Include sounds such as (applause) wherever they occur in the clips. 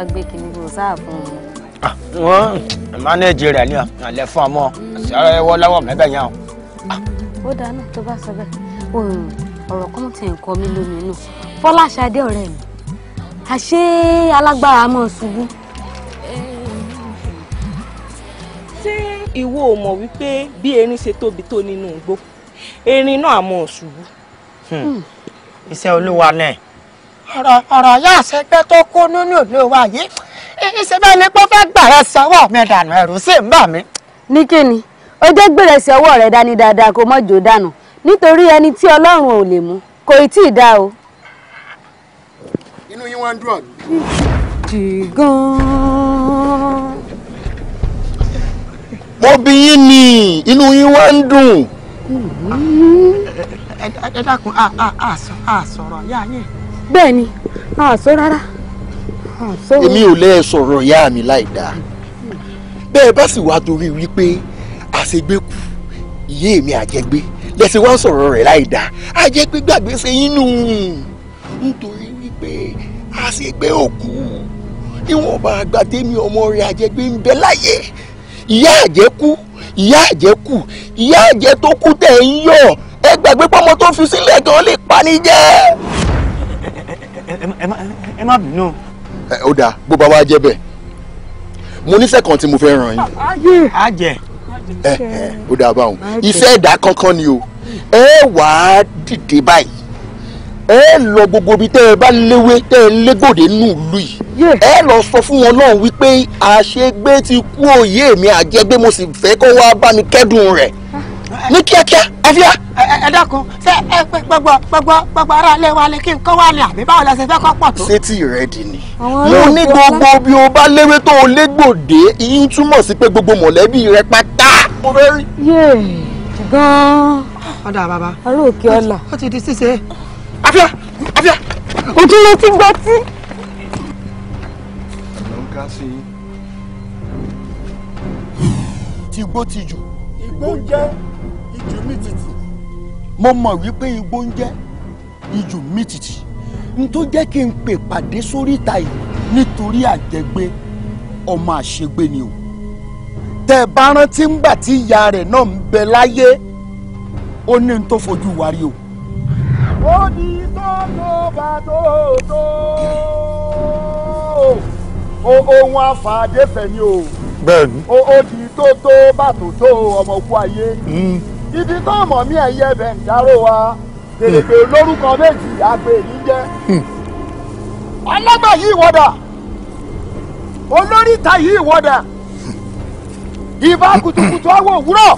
wá gbé kinní kò sáà fún un. Ah, wọ́n mánéèjì rẹ̀ ni àlẹ́ fún ọmọ ṣàrẹ́ ẹwọ́ láwọ̀ mẹ́bẹ̀ yẹn o. Ah. ó dáná tó bá sọ bẹ́ẹ̀ ọ̀rọ̀ kan ti ń kọ mí lómi inú fọláṣadé ọ̀rẹ́ mi àṣé alágbára mọ̀ ṣubú. ṣé ìwọ ò mọ̀ wípé bí erin ṣe tóbi tó nínú igbó erin náà mọ̀ ṣubú. Hmm. iṣẹ́ olúwa náà. ọ̀rọ̀ yá àṣẹgbẹ́ tó kó nínú ìlú wa yìí ìṣe bẹ́ẹ̀ ni pé ó fẹ́ gbà mi dànù ẹ̀rù sì ń bà ọwọ́ rẹ dání dáadáa kó mọ́jò dànù nítorí ẹni tí ọlọ́run ò lè mú kò ì tí o. inú yín wá ń dùn mo bí yín ni inú ń dùn. ẹ bẹ́ẹ̀ ni a sọ rárá a sọ. èmi ò lẹ́ẹ̀ sọ̀rọ̀ ìyá mi láì dáa bẹ́ẹ̀ bá sì wá torí wípé àṣegbé ìyé mi àjẹgbé lẹ́sẹ̀ wá sọ̀rọ̀ rẹ̀ láì dáa àjẹgbé gbàgbé ṣe inú nítorí wípé àṣegbé òkú níwọ̀nba àgbàdémi ọmọ rẹ̀ àjẹgbé ń bẹ láyé ìyá àjẹkú ìyá àjẹkù ìyá àjẹ tó kú tẹ̀ ń yọ̀ ẹ gbàgbé pọ́mọ tó fi sílẹ̀ gan lè pa ní jẹ́ ẹ má bínú. ẹ ó dáa bó bá wá jẹ́ bẹ́ẹ̀ mo ní sẹ́kàn tí mo fẹ́ ràn yín. ayé àjẹ. ẹ ẹ ó dáa báwọn iṣẹ́ ẹ̀dá kankan ni o ẹ wà á dìde báyìí ẹ lọ gbogbo ibi tẹ́ ẹ bá léwé tẹ́ ẹ légòdè nù lù yìí ẹ lọ sọ fún wọn náà wípé àṣegbé ti kú òye mi àjẹgbé mo sì fẹ́ kó wá bá mi kẹ́dùn rẹ̀ ní kíákíá àfíà. ẹ dákun ṣe ẹ pẹ gbogbo gbogbo gbogbo ara ilé wa lè kí nǹkan wà ní àbí báwo la ṣe fẹ́ kọ́ pọ̀ tó. sétí rẹ dì ní. mo ní gbogbo bí o bá léwé tó o légbòde ìyín túmọ̀ sí pé gbogbo mọ̀lẹ́bí rẹ pátá. mo fẹ́ rí. yéè gan-an. ọ̀dà bàbá. aró òkè ọ̀la. ó ti di ṣíṣe. Afia. Afia. ojú ló ti gbọ́ tí. ló ń ká sí i. ti gbó ti jù. igbó jẹ́ ìjù mi tìtì mo mọ̀ wípé igbó ń jẹ́ ìjù mi tìtì n tó jẹ́ kí n pè pàdé sóríta yìí nítorí àjẹgbé ọmọ àṣegbé ni o tẹ ẹ bá rántí ńgbà tí ìyá rẹ̀ náà ń bẹ láyé ó ní n tó fojú wárí o. ó ní tó ló bá tó tó ohun àfàdé fẹ̀ ni o. bẹ́ẹ̀ni. ó di tó tó bá tó tó ọmọ òkú ayé. Hmm ibi tó mọ̀ mí ẹ̀yẹ bẹ̀ ń dárò wa gbèrègbè lórúkọ méjì àgbèrè jẹ́ hmm. ọlọ́gbà yìí wọ́dà olóríta yìí wọ́dà ìbà hmm. kùtùkùtù awọ òwúrọ̀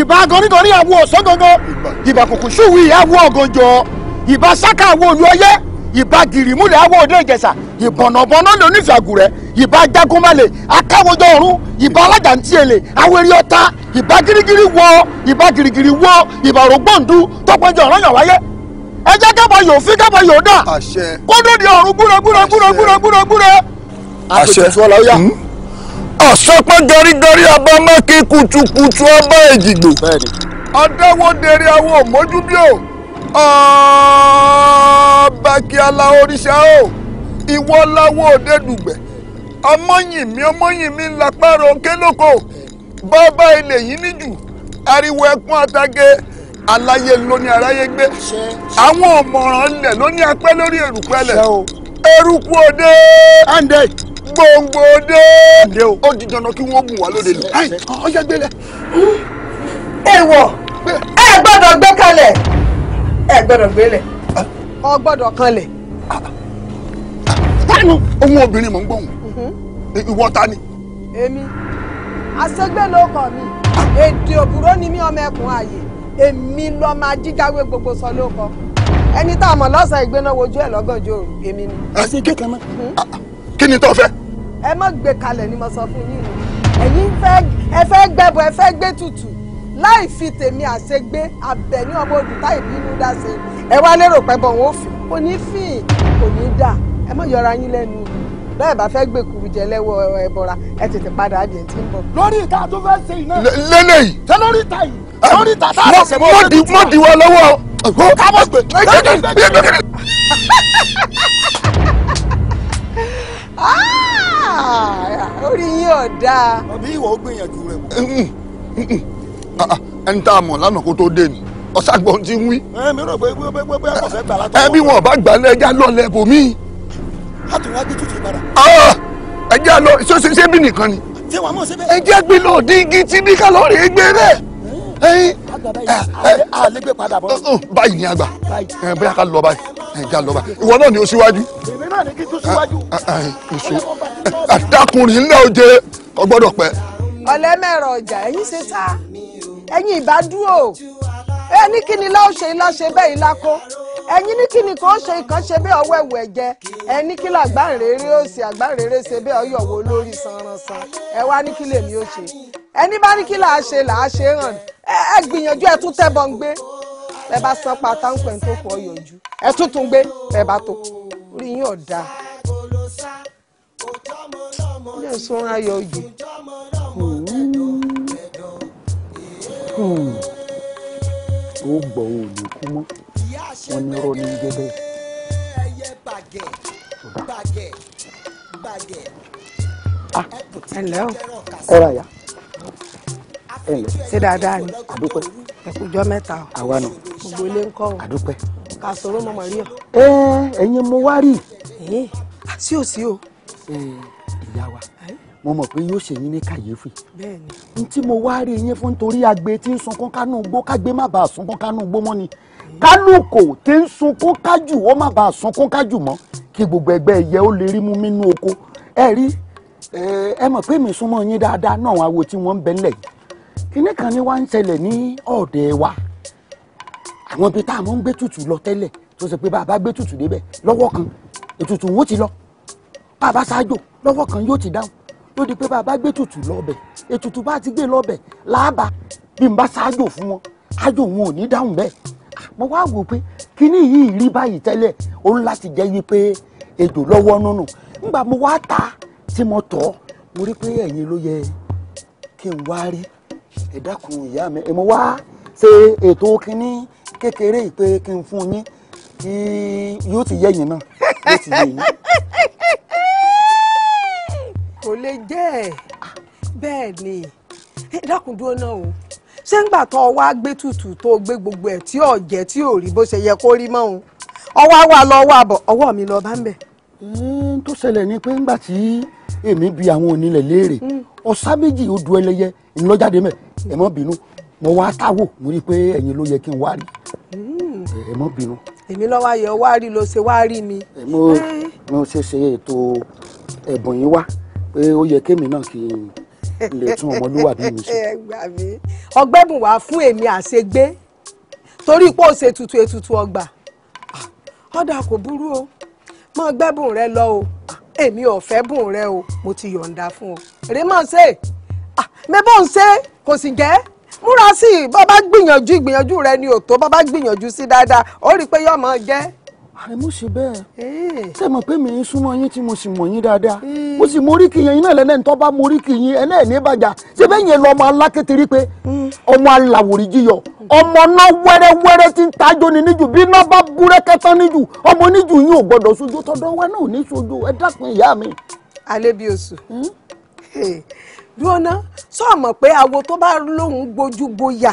ìbà gọrígọrí awo ọ̀sán gangan ìbà kùkùsùwì awọ ọ̀gànjọ́ ìbà sákà awọ olú ọyẹ́ ìbá gìrìmúlẹ̀ awọ́ òde ìjẹ̀ṣà ìbọ̀nàbọ̀nà lè oníṣàgùrẹ́ ìbá jagunmalè akáwọjọ ọ̀run ìbá alájàntí èlè awẹ́rẹ́ ọ̀tá ìbá girigiri wọ ìbá girigiri wọ ìbá òrògbòǹdù tọpọjọ ọ̀rọ̀ yàn wáyé ẹ jẹ́ kẹ́bọ̀ yóò fi kẹ́bọ̀ yóò dà kó dòdì ọ̀run gbúre gbúre gbúre gbúre gbúre gbúre. àṣẹ ọ̀sọ́pẹ́ gọrígọrí ọba mọ́kì kùtùkùtù ọba èjìgbò ọ̀dẹ́wọ́dẹ̀rẹ̀ àwọn òmójúbíò ọba kí aláwọ oríṣà o ìwọ láwọ òde dùgbẹ ọmọyìnmí mi lápárò ilé yìí níjù ariwo ẹkún àtàgé aláyé lóní aráyé gbé àwọn ọmọràn ilẹ̀ lóní apẹ́ lórí èrùkú ẹlẹ̀ eruku òde gbòǹgbò òde ó di dandan kí wọ́n bù wá lóde lò. gbélé. ẹ gbé ẹ gbọ́dọ̀ gbélé ọ gbọ́dọ̀ kanlẹ̀. pẹ́ẹ́nu ohun obìnrin mọ̀ ń gbóhùn mhm. ìwọ ta ni. èmi aṣẹ́gbẹ́ ló kọ̀ mí èdè òbúrò ni ọmọ ẹkùn ààyè èmi lọ máa jíjáwé gbogbo sọ ló kọ ẹni tá a mọ̀ lọ́sàn-án ìgbéná wojú ẹ̀ lọ́gànjọ́ èmi ni. ẹ kékeré mhm. ah, ah. kí ni ni mo sọ fún yín ẹ̀yin fẹ́ láì fi tèmi àṣegbé abẹ̀ní ọmọ olùtá ìbínú dá sí ẹ wá lérò pẹ́bọ̀ wọn ò fi kò ní fìhìn kò ní dà ẹ má yọra yín lẹ́nu bẹ́ẹ̀ bá fẹ́ gbé kuru jẹ lẹ́wọ́ ẹ̀bọ̀ra ẹ tètè padà adìẹ tí ń bọ̀. lórí ìta tó fẹ́ ṣe iná. lélẹ́yìí. ṣé lórí ìta yìí. lórí ìta tá a lọ sẹ́wọ́ lórí ìta. mo di wa lọ́wọ́. kábọ̀ gbé. Ah! orí yín ò dáa. ọbí ó gbìyànjú rẹ wò. Ah, ah, ẹni tá a mọ̀ lánàá kó tó dé ni ọ̀sàgbọ̀n ti ń wí. ẹ mi rò pé pé pé akọ̀sẹ̀ gbà látọ̀. ẹbí wọn bá gbà lẹ́jà lọ́lẹ̀ bò mí. a tún wá gbé tutù padà. Ah, ẹjẹ lọ ṣé ṣé bí nìkan ni. ṣé wàá mọ̀ síbẹ̀. ẹjẹ gbé lọ di igi tí ní kálọ́rì gbé rẹ̀. àlẹ́ gbé padà bọ́. Oh, oh, báyìí ni a gbà bóyá ká lọ báyìí ẹja lọ báyìí ìwọ náà ni o síwájú. èmi ọjà ẹ̀yìn ṣe sá ẹ̀yin ìbádúró ẹ ní kí ni láò ṣe ilá ṣe bẹ́ẹ̀ ilá kó ẹ̀yin ní kí ni kò ṣe ìkan ṣe bẹ́ẹ̀ ọwọ́ ẹ̀wọ̀ ẹ̀jẹ̀ ẹ ní kí làgbáǹrere ó ṣe àgbáǹrere ṣe bẹ́ẹ̀ ọyọ̀wò lórí sanransan ẹ wá ní kí lèmi ó ṣe ẹni bá ní kí làá ṣe làá ṣe hàn ẹ gbìyànjú ẹ tún tẹ́bọ̀ ń gbé ẹ bá san pa táǹpẹ̀ tó kù ọyọ̀jú ẹ tún tún gbé ẹ bá tó orí yín ọ̀dà ilé ìsúnra yọ òye ó gbọ́ ò lè kú mọ́ wọn ní rọ́ ní gẹ́gẹ́. ẹ ǹlẹ́ o ẹ ra ya ṣé dáadáa ni àdúpẹ́ ẹ̀kújọ́ mẹ́ta o àwa nù gbogbo ilé ń kọ́ o àdúpẹ́ kà sọ̀rọ̀ mọ́mọ́ rí ọ. ẹ ẹ̀yin mo wá rí. Eh, ah, sí o sí o. ìyá wa mo mọ̀ pé yóò ṣe yín ní kàyéfì. bẹ́ẹ̀ni. n tí mo wá rí yín fún nítorí agbe tí ń sunkún kánú gbó kágbé má bàa sunkún kánú gbó mọ́ ni kálùkò tí ń sunkún kájù ó má bàa sunkún kájù mọ́ kí gbogbo ẹgbẹ́ ẹyẹ ó lè rí mú mínú oko ẹ rí ẹ mọ̀ pé mi súnmọ́ yín dáadáa náà àwọn awo tí wọ́n ń bẹ nílẹ̀ kíní kan ni wá ń ṣẹlẹ̀ ní ọ̀dẹ̀ wa àwọn ibi tá a mọ̀ ń gbé tutù lọ tẹ́lẹ̀ tó ṣe pé bàbá gbé tutù débẹ̀ lọ́wọ́ kan ètùtù wọn ti lọ bàbá ṣáájò lọ́wọ́ kan yóò ti dáhùn tó di pé bàbá gbé tutù lọ́bẹ̀ ètùtù bá ti gbé lọ́bẹ̀ làábà bí n bá ṣáájò fún wọn ájò wọn ò ní dáhùn bẹ́ẹ̀ ah, mo wá wò pé kíní yìí rí báyìí tẹ́lẹ̀ òun láti jẹ́ yí pé èdò lọ́wọ́ nínú nígbà mo wá ta tí mo tọ̀ mo rí pé ẹ̀yin ló yẹ kí n wá rí ẹ dákun ìyá mi ẹ mo wá ṣe ètò kíní kékeré ìpè kí n fún yín kí yóò ti yẹ̀yìn náà yóò ti yẹ̀yìn kò lè jẹ́ ẹ̀ ah, bẹ́ẹ̀ ni dákúndúró náà o ṣé ńgbà tó wá gbé tutù tó gbé gbogbo ẹ̀ tí ò jẹ́ tí ò rí bó ṣe yẹ kó rí mọ́ òun ọwọ́ wa lọ wá bọ̀ ọwọ́ mi lọ bá ń bẹ̀. tó ṣẹlẹ̀ ni pé ńgbà tí èmi bi àwọn onílẹ̀ léèrè ọ̀sá hmm. méjì odò ẹlẹ́yẹ ìlọ́jáde mẹ́ ẹ mọ́ bínú mo wá táwò mo rí i pé ẹ̀yin ló yẹ kí n wá rí hmm. ẹ mọ́ bínú. èmi lọ wá yọ wá rí ló ṣe wá rí mi. Eh. mo ṣe ṣe ètò ẹ̀bùn yín wá pé ó yẹ kémi náà kí n lè tún ọmọlúwàbí mi ṣe. (laughs) ọgbẹ́ bùn wá fún èmi àṣegbé torí pé ó ṣe tutù ètùtù ọgbà ah, ọ̀dà kò burú o mọ gbẹ́bùn rẹ lọ o ah, èmi ò fẹ́ bùn rẹ o mo ti yọ̀ǹda fún ọ èrè mọ̀ ah, mẹ́bọ̀ ń ṣe kò sì jẹ́ múra sí i bàbá gbìyànjú ìgbìyànjú rẹ ni ò tó bàbá gbìyànjú sí dáadáa ó rí i pé yọ̀ọ́ mọ̀ jẹ́ àìmú ṣe bẹ́ẹ̀ ṣe mọ̀ pé mi ń súnmọ́ yín tí mo sì mọ̀ yín dáadáa mo sì mọ oríkì yẹn náà lẹ́nẹ̀ẹ́ tó bá mọ oríkì yín ẹ̀ náà ní bàjá ṣe bẹ́ẹ̀ yẹn lọ́mọ alákéteré pé hmm. ọmọ aláwòrì jíyọ ọmọ náà wẹ́rẹ́wẹ́rẹ́ ti ń tajọ ní níjù bí náà bá búrẹ́kẹ́ tán níjù ọmọ níjù yín ò gbọ́dọ̀ sojú tọ́dọ̀ wa náà ní sojú ẹ dákun ìyá mi. alẹ́ bí oṣù lọ́nà hmm? sọ̀mọ̀ pé awo tó bá lóun gbójú gbóyà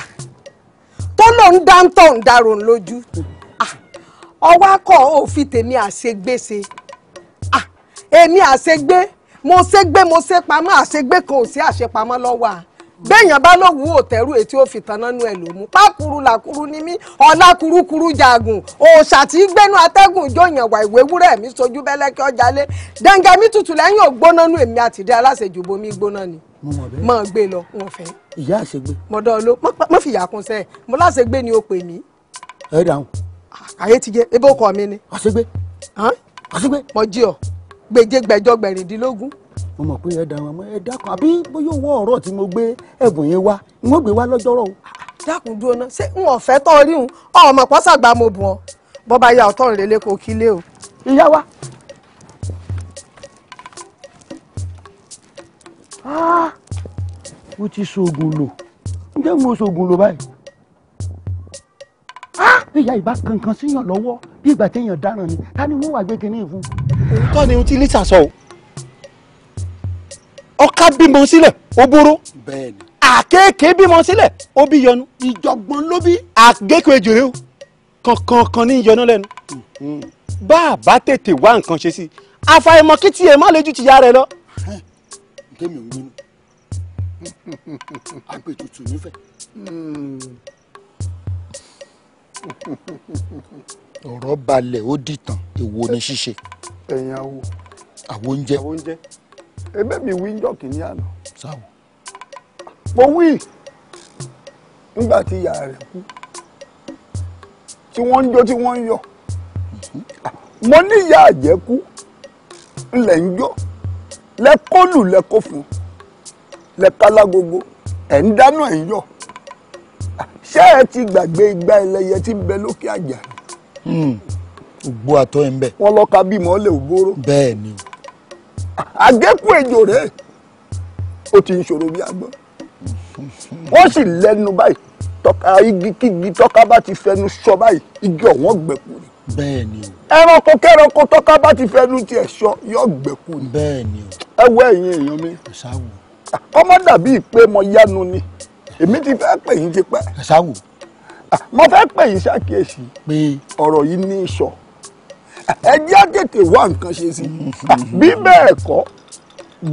tó lóun dáńtọ̀ ń darò lójú ọwọ́ akọ̀ ò fi tèmi àṣegbé ṣe ah, èmi àṣegbé mo ṣègbé mo ṣe pamọ́ àṣegbé kan ò sí àṣepamọ́ lọ́wọ́ à béèyàn bá ló wù ú òtẹ́rù ètí ó fi tanná nu ẹ̀ ló mú pákúrú làkúrú ní mí ọ̀la kurukuru jagun òòṣà tí gbẹ́nu atẹ́gùn jóyàn wà ìwé wúrẹ́ mi sojú bẹ́lẹ́kẹ́ ọjà lé dẹ́ngẹ́ mi tutù lẹ́yìn ògbóná nu èmi àtìdé aláṣejù bomi gbóná ni mọ̀ gbé lọ wọn fẹ́. ìyá àṣegbé. mọ̀dọ́ ló mọ̀ fìyà kún sẹ́ẹ̀ mo láṣegbé ni o pè mí. ẹ dáhùn ayé ti jẹ ebe ọkọ mi ni. àṣegbé àṣegbé. mo jí ọ gbèjé gbẹjọ gbẹ̀rìndínlógún. mo mọ̀ pé ẹ̀dá wọn ẹ̀dá kan àbí bóyá owó ọ̀rọ̀ tí mo gbé ẹ̀bùn yẹn wá ni wọ́n gbé wá lọ́jọ́rọ̀ o. dákun dúró náà ṣé n ò fẹ́ tọ́ rí òun ọmọ pọ́sàgbà mo bù ọ́ bọ́ba ya ọ̀tọ́ ìrẹ̀lẹ̀ kò kí lé o. ìyá wa. Ah! mo ti ṣoògùn lò ǹjẹ́ mo ṣoògùn lò báyìí bí ìyá ìbá kankan síyàn lọ́wọ́ bí ìgbà téèyàn dáràn ni ta ni wọ́n wà gbé kinní ìfún. òótọ́ ni ohun tí lisa sọ o ọkà bímọ sílẹ̀ ó bóró àkéèké bímọ sílẹ̀ ó bí yọnu ìjọ̀gbọ̀n ló bí. àgékò ejòrè o kankan kan ní yọnu lẹ́nu mhm. bá a bá tètè wá nǹkan ṣe sí i àfàìmọ̀ kí tiẹ̀ má lójú tìyá rẹ lọ. kémi ò ń gbénu (laughs) àpètùtù nífẹ̀ẹ́. Hmm ọ̀rọ̀ balẹ̀ ó dìtàn èwo ni ṣíṣe. ẹ̀yin awo. àwo oúnjẹ. àwo oúnjẹ Ebe mi wí ńjọ́ kìíní àná. sáwọ. mo wí nígbà tí ìyá rẹ̀ kú tí wọ́n ń jó tí wọ́n ń yọ̀ mm-hmm. mo ní ìyá àjẹkú ńlẹ̀ ń jó lẹ́kọ́lù lẹ́kọ́ fún lẹ́kálágogo ẹ̀ ń dáná ẹ̀ ń yọ̀ ṣé ẹ ti gbàgbé igba ẹlẹ́yẹ tí ń bẹ lókè àjà. Hmm. ògbó àtọ ẹ ń bẹ. wọn lọka bímọ lè ògbóró. bẹ́ẹ̀ ni. àgékù ejò rèé ó ti ń ṣòro bí agbọ́n. wọ́n sì lẹ́nu báyìí tọ́ka igi kígi tọ́ka bá ti fẹnu sọ báyìí igi ọ̀wọ́n gbẹ̀kú ni. bẹ́ẹ̀ ni o. ẹranko kẹranko tọ́ka bá ti fẹnu tiẹ̀ sọ yọ gbẹ̀kú ni. bẹ́ẹ̀ ni o. ẹ wọ ẹ̀yin èèyàn mi. ọmọ dàbí ìpè mọ yánu ni èmi ti fẹ́ pè yín ti pẹ́. ṣáwù. mo fẹ́ pè yín ṣàkíyèsí. pé ọ̀rọ̀ yìí ní í sọ. ẹ jẹ́ tètè wá nǹkan ṣe sí i. bí bẹ́ẹ̀ kọ́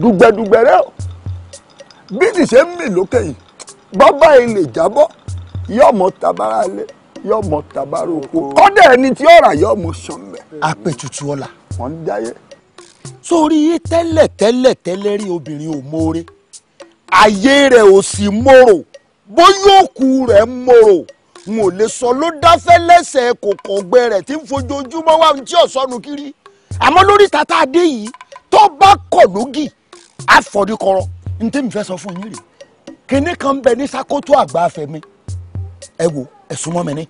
dùgbẹ̀dùgbẹ̀ rẹ̀ o bí ti ṣe ń mì lókè yìí bàbá ilé jábọ́ yọmọ tabara lé yọmọ tabara oko kọ́dà ẹni tí ọ̀rà yọmọ sàn mẹ́. apẹ̀tùtù ọ̀la. wọ́n ń dáyé. sórí tẹ́lẹ̀ tẹ́lẹ̀ tẹ́lẹ̀ rí obìnrin ò mọ́ọ́rẹ́ ayé rẹ̀ ò sì mọ́rọ̀ bóyá òkú rẹ̀ ń mòrò n ò lè sọ ló dáfẹ́ lẹ́sẹ̀ kòkò ọgbẹ rẹ̀ tí ń fojoojúmọ́ wá tí ò sọnù kiri àmọ́ lórí tata adé yìí tó bá kọ̀ lógì àfọ̀díkọ̀rọ̀ ní tèmi fẹ́ sọ fún yín rèé kinní kan bẹ ní sakoto àgbà afẹ́mi ẹ wo ẹ súnmọ́ mi ní.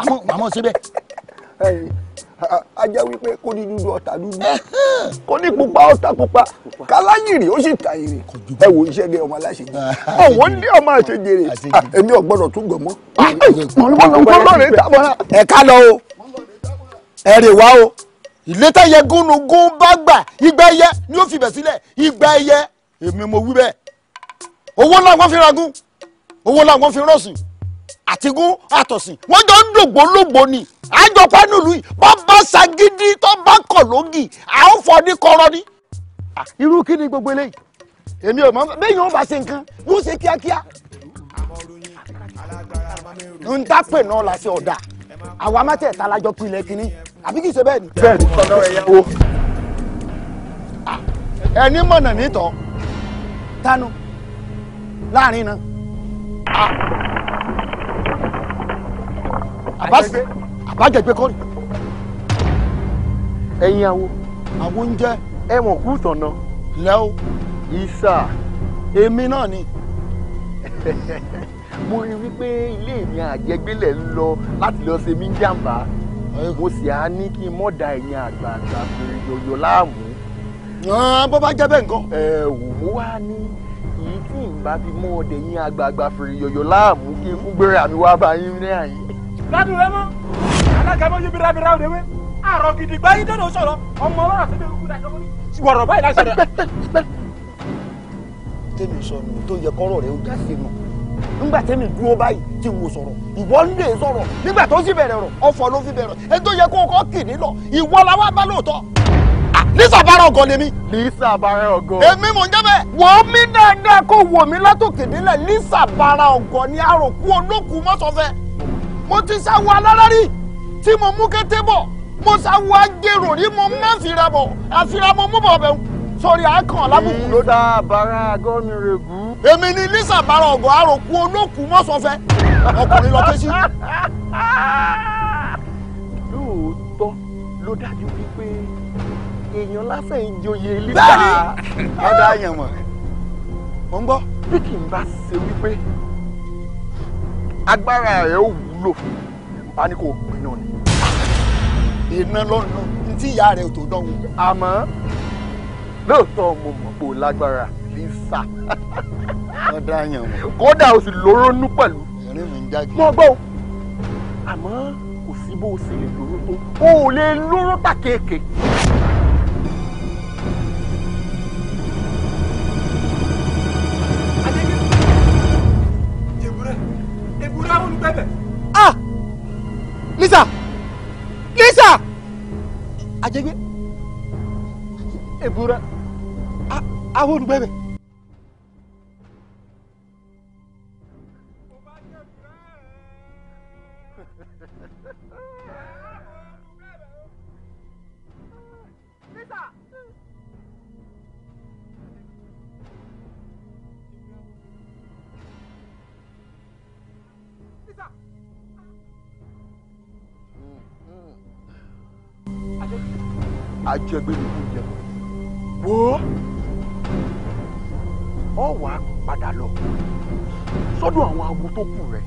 àmọ́ àmọ́ síbẹ̀ ajá wípé kó ní dúdú ọ̀tá dúdú kó ní pupa ọ̀tá pupa káláyìrì ó sì ta ìrì ẹ wo iṣẹ́ (laughs) ní ọmọ aláṣejì ọ̀wọ́ ní ọmọ àṣejèrè èmi ò gbọ́dọ̀ tún gbọ̀ mọ́ ọlọ́run tábọ̀lá. ẹ̀ka lọ o ẹ̀rẹ̀ wá o ìlétà yẹ gúnugún bá gbà igba ẹyẹ ni ó fi bẹ̀ sílẹ̀ igba ẹyẹ èmi mo wí bẹ́ẹ̀ owó làwọn fi ragún owó làwọn fi rọ̀sùn àtigún àtọ̀sìn wọ́n jọ ń dògbò lògbò ni àjọpá nílùú yìí bá bá ṣagídí tó bá kọ̀ lógì à ń fọ ní kọ́rọ́ ni. irú kí ni gbogbo eléyìí èmi ò mọ̀ bẹ́ẹ̀ yóò bá ṣe nǹkan yóò ṣe kíákíá. n ta pè náà la ṣe ọ̀dà àwa má tẹ̀ ta lájọ pilẹ̀ kínní àbí kìí ṣe bẹ́ẹ̀ ni. bẹ́ẹ̀ ni kọ́nà ẹ̀yà wo. ẹni mọ̀nà nítọ̀ tanu láàrin náà àbájẹgbẹ kọ́ni. ẹ̀yin awo àwọn oúnjẹ ẹ̀wọ̀n kú tọ̀nà lẹ́wọ̀ ìsà èmi náà ni (laughs) mo rí wípé ilé mi àjẹgbélẹ̀ ń lọ láti lọ ṣe mí jàǹbá mo sì á ní kí n mọ̀ da ẹ̀yin àgbààgbà fèrè yọ̀yọ̀ láàmú. bó bá jẹ́ bẹ́ẹ̀ nǹkan. ẹ wò mo wá ní èyí tí n bá fi mọ́ ọdẹ yín àgbààgbà fèrè yọ̀yọ̀ láàmú kí n fún gbéra mi wá bá yín ní àyè gbádùn rẹ mọ́ alága mọ́ yíbi rábìrá òde wé àrò gidi gbá yín dọ́dọ̀ sọ̀rọ̀ ọmọ ọlọ́run àti bẹ́ẹ̀ kúta jọmọ́ ní wọ̀rọ̀ báyìí láti sọ̀rọ̀. tèmi sọnù tó yẹ kọ́rọ̀ rẹ ó já sí nu nígbà tèmi dúró báyìí tí n wò sọ̀rọ̀ ìwọ ń lè sọ̀rọ̀ nígbà tó sì bẹ̀rẹ̀ rọ̀ ọ̀fọ̀ ló fi bẹ̀rẹ̀ ẹ tó yẹ kó kọ́ kì nílọ ìwọ la wá bá lóòótọ́ lisa bara ọgọ lèmi. lisa bara ọgọ. èmi mò ń jẹ́ bẹ́ẹ̀. wò ó mí dáadáa kó wò mí látòkè nílẹ̀ lisa bara ọgọ ni àròkù olókùú mọ́sọ̀fẹ́ mo ti ṣàwọ alárárí tí mo mú kété bọ̀ mo ṣàwọ agbèrò rí mo má fira bọ̀ àfira mo mú bọ̀ bẹ̀rù sórí akàn lábùkù ló dá. bàrà gómìn règú. èmi ni lisa bàrà ọ̀gọ̀ àròkù olókùú mọ́sọ̀fẹ́ ọkùnrin lọ pé sí. lóòótọ́ ló dájú wípé èèyàn lásán ń lisa. ọ̀dà yẹn mọ̀ ń gbọ́. bí kì í bá ṣe wípé agbára rẹ̀ ó wù wúlò fún a ní kò pin náà ni iná lọ́nà ní tí ìyá rẹ̀ tó dánwò àmọ́ lóòótọ́ mo mọ̀ pé o lágbára ní sà kódà o sì lórónú pẹ̀lú mọ́ gbọ́ àmọ́ kò sí bó o sì lè lóró tó o ò lè lóró tàkéèké. ajẹgbẹ ebura ahonu bẹbẹ. ajẹgbẹ́ mi kò jẹ wo ọ wàá padà lọ sọ́dọ̀ àwọn awo tó kù rẹ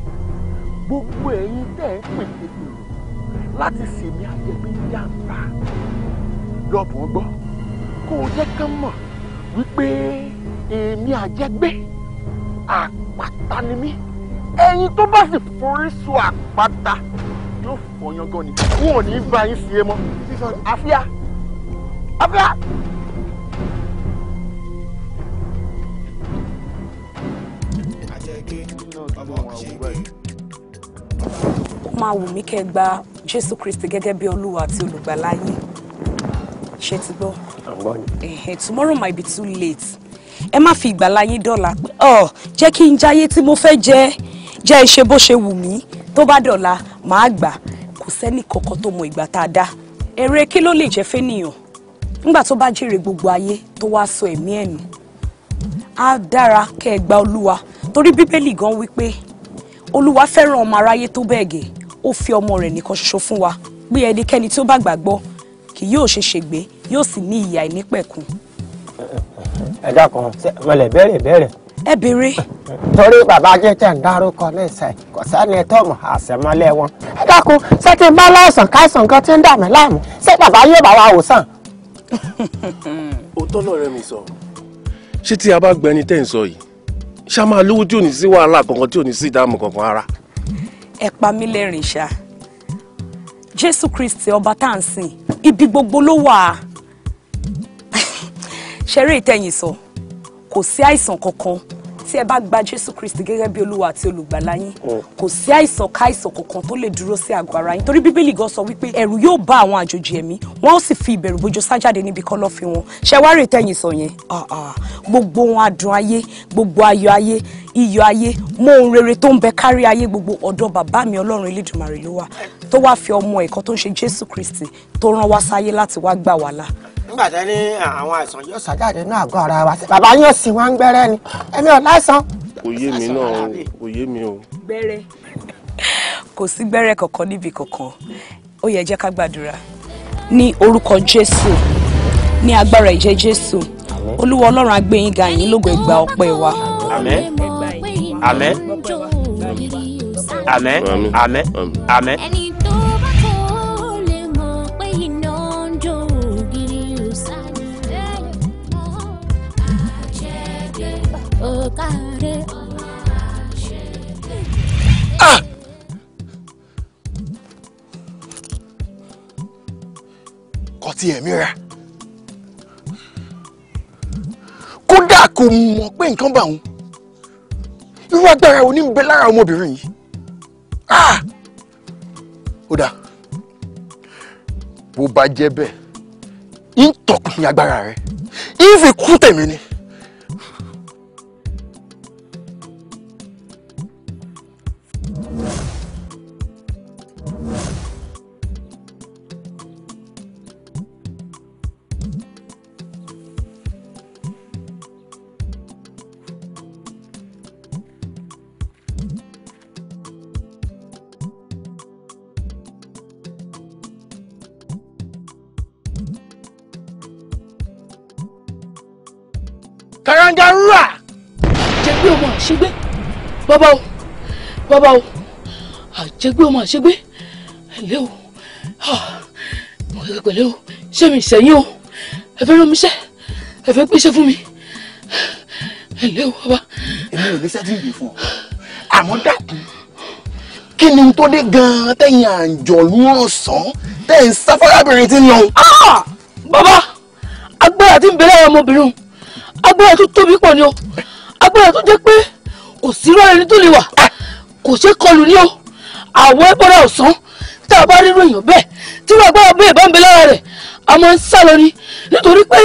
gbogbo ẹ̀yin tẹ́ ẹ pèsè èrò láti sèmi ajẹgbẹ́ yàtà lọ́bùn gbọ́ kó o jẹ́ ká mọ̀ wípé èmi àjẹgbé àpáta ni mí ẹ̀yin tó bá sì forí sọ àpáta yóò fọyán gan ni wọn ò ní bá yín sí e mọ́ àfíà abira. ó máa wù mí kẹ́ gba jésù kristi gẹ́gẹ́ bí olúwa àti olùgbàlà ṣe ti gbọ́. tomorrow might be too late ẹ má fi ìgbàlà yín dọ̀la pé ọ jẹ́ kí n jáyé tí mo fẹ́ jẹ́ jẹ́ ìṣe bó ṣe wù mí tó bá dọ̀la màá gbà kò sẹ́nì kankan tó mọ ìgbà tá a dá èrè kí ló lè jẹ́ fẹ́nìyàn nígbà tó bá jèrè gbogbo ayé tó wá sọ ẹ̀mí ẹ̀ nù á dára kẹ́ ẹ gba olúwa torí bíbélì gan wípé olúwa fẹ́ràn ọmọ aráyé tó bẹ́ẹ̀ gẹ́ ó fi ọmọ rẹ̀ nìkan ṣoṣo fún wa pé ẹnikẹ́ni tí ó bá gbàgbọ́ kì yóò ṣe ṣègbé yóò sì ní ìyà ìnípẹ̀kun. ẹ dákun mo lè bẹ̀rẹ̀ bẹ̀rẹ̀. ẹ béèrè. torí bàbá jẹjẹ ń dárúkọ nísìn kò sẹ́ni tó mọ̀ àṣẹmọ́lẹ̀ wọn. ẹ dákun ṣé tí n láìsàn káìsàn nǹkan tí ń dà mí láàmú ṣé bàbá yóò bá wa wò sàn. (laughs) òótọ́ náà rẹ mi sọ. ṣé tí a bá gbẹni tẹ́ ń sọ yìí ṣá máa lówó tí ò ní sí wàhálà kankan tí ò ní sí ìdààmú kankan ara. ẹ pa mí lẹ́rìn ṣá jésù kristi ọba tá à ń sìn ibi gbogbo ló wà á (laughs) ṣeré ìtẹ̀yìn sọ kò sí àìsàn kankan tí ẹ bá gba jésù kristi gẹ́gẹ́ bí olúwa àti olùgbàlà yín mm. kò sí àìsàn káìsàn kankan tó lè dúró sí àgọ́ ara yín torí bíbélì gan sọ wípé ẹ̀rù yóò bá àwọn àjòjì ẹ̀mí wọn ó sì fi ìbẹ̀rù bojo sájáde níbi kọ́lọ́fín wọn ṣẹ wá rè tẹ̀yìn sọ yẹn ah, ah. gbogbo ohun adùn ayé gbogbo ayọ̀ ayé iyọ̀ ayé mọ ohun rere tó ń bẹ kárí ayé gbogbo ọ̀dọ̀ bàbá mi ọlọ́run elédùnmarè ló wà tó wá fi ọmọ ẹ̀kọ́ tó ń ṣe Jésù Kristi tó rán wá sáyé láti wá gbà wá là. nígbà tẹ ní àwọn àìsàn yóò ṣàjáde ní àgọ́ ara wa bàbá yóò sì wá ń gbẹ́rẹ́ ni ẹni ọ̀ láìsàn. òye mi náà òye mi o. gbẹ́rẹ́ kò sí gbẹ́rẹ́ kankan níbi kankan ó yẹ jẹ́ ká gbàdúrà ní orúkọ Jésù ní agbára ìjẹ Jésù olúwa Ọlọ́run agbẹ́yìn ga yín lógo ẹgbàá ọpẹ́ wa. àmín àmín àmín àmín àmín. káre. kò tí ẹ̀mí ra kódà kò mọ̀ pé nǹkan bá òun irú agbára òní ń bẹ lára ọmọbìnrin yìí ah! ó dáa bó bá jẹ́ bẹ́ẹ̀ ń tọkùn ní agbára rẹ̀ ń fi kú tèmi ni. bàbá o bàbá o àjẹgbé o máa ṣègbé ẹlẹ́ o mo kẹ́kẹ́ pẹ̀lẹ́ o ṣé mi ìṣẹ̀yìn o ẹ fẹ́ rán mi iṣẹ́ ẹ fẹ́ pèsè fún mi ẹlẹ́ o bàbá. èmi ò ní sẹ́tìlì fún ọ àmọ́ dàkú kí ni tó dé gan-an tẹ̀yìn àjọ̀lú ọ̀sán tẹ̀yìn sáfárábìnrin ti ń lọ. bàbá agbára tí ń bẹ ọmọbìnrin agbára tó tóbi pọ̀ ni o agbára tó jẹ́ pé kò sí rọ ẹni tó lè wà kò ṣe kọlù ní o àwọn ẹgbẹ́rẹ́ ọ̀sán tá a bá rí ròyìn bẹ́ẹ̀ tí wọ́n agbára bẹ́ẹ̀ bá ń bẹ lára rẹ̀ a máa ń sá lọ ni nítorí pé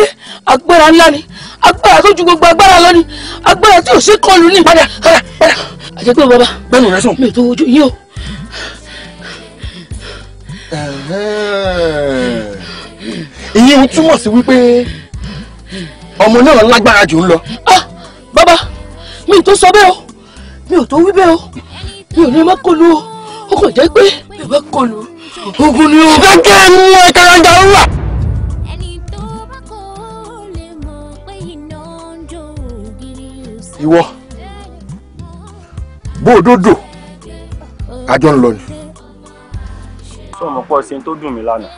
agbára ńlá ni agbára tó ju gbogbo agbára lọ ni agbára tí ò ṣe kọlù ní. padà padà padà àjẹgbẹ́ bàbá gbẹ́nu rẹ sùn mi ò tó ojú yín o. ìyẹn túmọ̀ sí wípé ọmọ náà lágbára jù ń lọ. Ah, bàbá mi ò tó sọ bẹ́ẹ̀ o mi ò tó wí bẹ́ẹ̀ o mi ò ní má kọlu o ó kàn jẹ́ pé mi ò bá kọlu ogun ni o. ṣé kí ẹ mú ẹ kẹrẹ́ńdà ó wà. ìwọ bó òdodo àjọ ń lọ ni. sọ ma pọ ṣe tó dùn mí lánàá.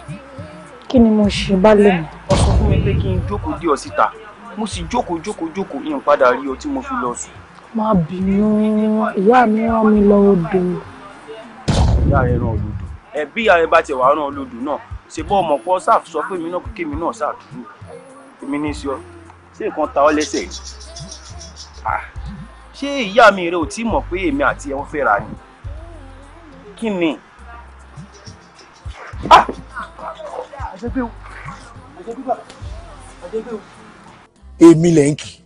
kí ni mo ṣe bá lè mọ. wọ́n sọ fún mi pé kí n jókòó dé ọ síta mo sì jókòó jókòó jókòó yín padà rí ọ tí mo fi lọ sùn má bínú ìyá mi rán mi lọ odò. ìyá rẹ rán olódò ẹ bí ìyá rẹ bá ti wà rán olódò náà ṣe bọ́ ọmọ pọ́ sáà sọ pé èmi náà kémi náà sáà dúró èmi ní sọ ṣé nǹkan ta ọ́ lẹ́sẹ̀ yìí ṣé ìyá mi rẹ ò tí mọ̀ pé èmi àti ẹ̀ ń fẹ́ra ni kí ni. èmi lẹ́ǹkì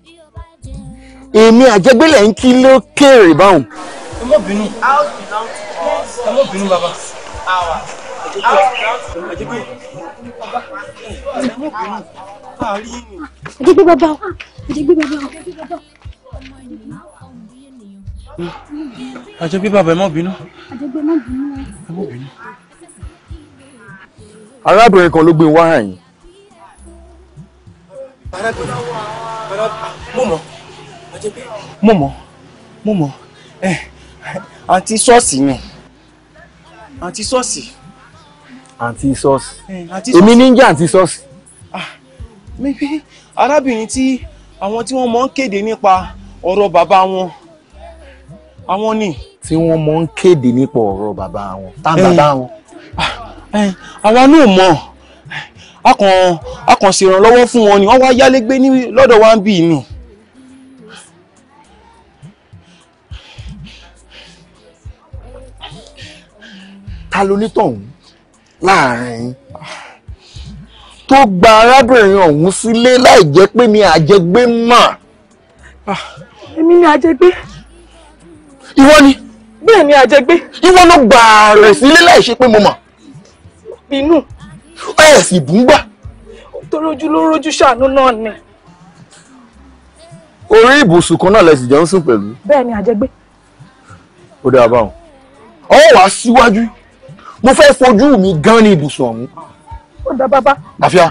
èmi àjẹgbélẹ̀ ń kí lókèrè báwọn. ọmọbìnrin ọmọbìnrin bàbá àjẹgbé bàbá àjẹgbé bàbá àjẹgbé bàbá ẹ má bínú. àjẹgbé má bínú. ẹ má bínú. arábìnrin kan ló gbé wáhà yìí. arábìnrin mo mọ̀ mo mọ̀ mo mọ̀ ẹ eh, àǹtí ṣọ́ọ̀ṣì ni àǹtí ṣọ́ọ̀ṣì. àǹtí ṣọ́ọ̀ṣì eh, èmi ní jẹ́ àǹtí ṣọ́ọ̀ṣì. Ah, maybe arábìnrin tí àwọn tí wọ́n mọ̀ ń kéde nípa ọ̀rọ̀ bàbá wọn àwọn ni. tí wọ́n mọ̀ ń kéde nípa ọ̀rọ̀ bàbá wọn tá eh, bàbá wọn. Ah, àwa náà mọ̀ a kàn ṣèrànlọ́wọ́ fún wọn ni wọ́n wá yálégbé lọ́dọ̀ wa ń bì ni. ta lonítọ̀hún láàrin tó gba arábìnrin ọ̀hún sílé láì jẹ́ pé mi àjẹgbé mọ̀. Ah, èmi ni àjẹgbé. ìwọ ni. bẹ́ẹ̀ ni àjẹgbé. ìwọ ló gbà rẹ̀ sílé láì ṣe pé mo mọ̀. bínú. ẹ sì bùn gbà. tó rojú ló rojú ṣàánú náà ni. orí ibùsùn kan náà lẹ sì jọ ń sùn pẹ̀lú. bẹ́ẹ̀ ni àjẹgbé. ó dáa báwọn ọwọ́ wàá síwájú. Si mo fẹ́ fojú mi gan ní ibùsùn ọ̀hún. ó da bàbá. àfíà.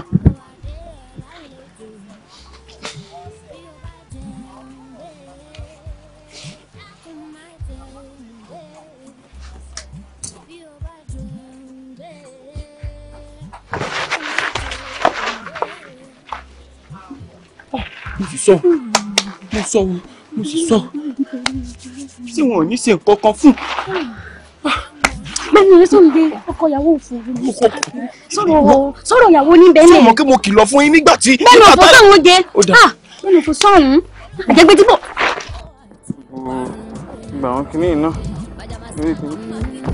mo sì sọ mo sọ mo sì sọ ṣé wọn ò ní ṣe nǹkan kan fún mẹ́nu yẹn sóńde ọkọ ìyàwó òfin gbogbo káàkiri sọ̀rọ̀ ìyàwó ní bẹ́ẹ̀ lẹ́yìn. sọ̀rọ̀ kí mo kìlọ̀ fún yín nígbà tí. bẹ́ẹ̀ ni òfò sọ̀rọ̀ oúnjẹ bẹ́ẹ̀ ni òfò sọ̀rọ̀ àjẹgbẹ́ dípò. gbà wọn kí ni iná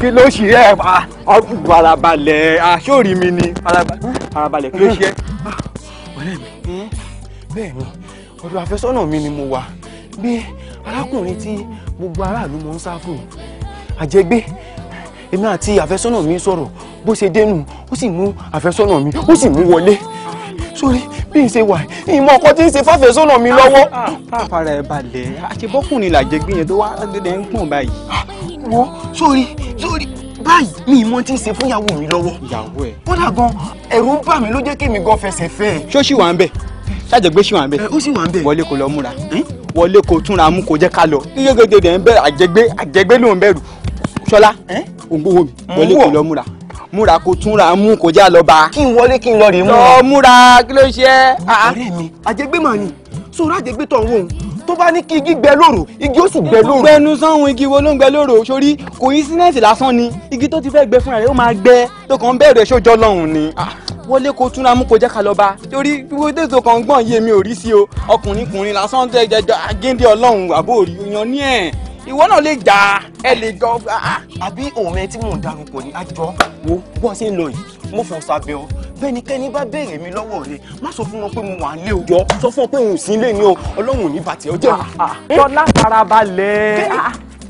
kí ló ṣe ẹ ah, farabalẹ̀ aṣọ́ọ̀rì ah, mi ni farabalẹ̀ kí ló ṣe ẹ. Ah, ọ̀rẹ́ mi hmm? bẹ́ẹ̀ ni ọ̀dọ̀ àfẹ́sọ́nà mi ni mo wà bí arákùnrin tí gbogbo aráàlú mọ̀ ń sá fún àjẹgbé èmi àti àfẹ́sọ́nà mi sọ̀rọ̀ bó ṣe dénú ó sì mú àfẹ́sọ́nà mi ó sì mú wọlé sórí bí n ṣe wà ìmọ̀ ọkọ tí ń ṣe fáfẹ́sọ́nà mi lọ́wọ́. pàpàrà ah, ah, ah, ẹ̀ balẹ̀ àṣebọ́kùnrin làjẹgbìn yẹn tó wá dẹ̀ ń gbọ̀n báyìí. wo sórí sórí báyìí mi ìmọ̀ tí ń ṣe fúnyàwó mi lọ́wọ́. ìyàwó ẹ̀. kódà gan ẹ̀rù ń bà mí ló jẹ́ kémi gan fẹsẹ̀ fẹ́ ṣó sì wà ń bẹ̀ ṣàjẹgbé sì wà ń bẹ̀. ó sì wà ń bẹ̀. wọlé kó lọ múra wọlé kó túnra mú kó jẹ́ ká lọ. iye gègé dẹ̀ ń bẹ̀rù àjẹgbé àjẹgbé ló ń bẹ̀rù ṣọlá ò ń gbowó mi wọlé kò lọ múra múra kó tún ra mú kó já lọ bá. kí n wọlé kí n lọ rèé mú wa. lọ múra kí ló ṣe é. Ah, ah. ọ̀rẹ́ mi àjẹgbé mà ni sórí àjẹgbé tó ń wò ó tó bá ní kí igi gbẹ lóòrò igi ó sì gbẹ lóòrò. gbẹnu sanwó igi wo ló ń gbẹ lóòrò sórí coincidence lásán ni igi tó ti fẹ́ gbẹ fúnra rẹ̀ ó máa gbẹ tó kàn ń bẹ̀rẹ̀ sójọ́ lọ́hùn ni. Ah. wọlé kó túnra mú kó jẹ́ ká lọ bá torí wíwé tètè kan gbọ̀n yé mi ò rí sí o ọkùnrin kùnrin lásán tẹ́ jẹjọ agéńdé ọlọ́run àbórí yan ní ẹ̀ ìwọ náà lè jà ẹ lè jọ gbà. àbí òun ẹ tí mò ń darúgbó ni àjọ wo bó ṣe ń lọ yìí mo fọ sábẹ́ ọ bẹ́nikẹ́ni bá béèrè mi lọ́wọ́ rẹ má sọ fún wọn pé mo wà á lé o jọ sọ fún wọn pé òun sí lé ni o Ọlọ́run ò ní bàtì ọjọ́. tọ́lá farabalẹ̀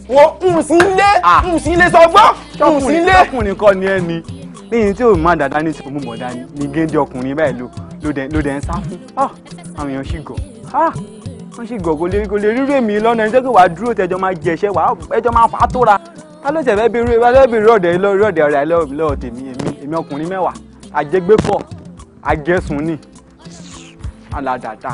wo n sí lé n sí lé sọgbọ́n n sí lé. ọkùnrin kọ́ ni ẹni lẹ́yìn tí òun má dáadáa ní ìsìnkú mú bọ̀dá ni ní géńdé ọkùnrin báyìí ló dẹ̀ ń sá fún ah, àwọn èèyàn sì gọ̀. Ah wọ́n sì gọ̀ kò lè kò rírò èmi lọ́nà ẹni tó kò dúró tẹjọ́ máa jẹ̀ṣẹ́ wà ẹjọ́ máa fà á tóra ta ló bí irú ẹ bí irú ọ̀dẹ̀ ọ̀rẹ́ lọ́wọ́ tèmi èmi ọkùnrin mẹ́wàá àjẹgbẹ́kọ̀ àjẹsùn ni aládàáda.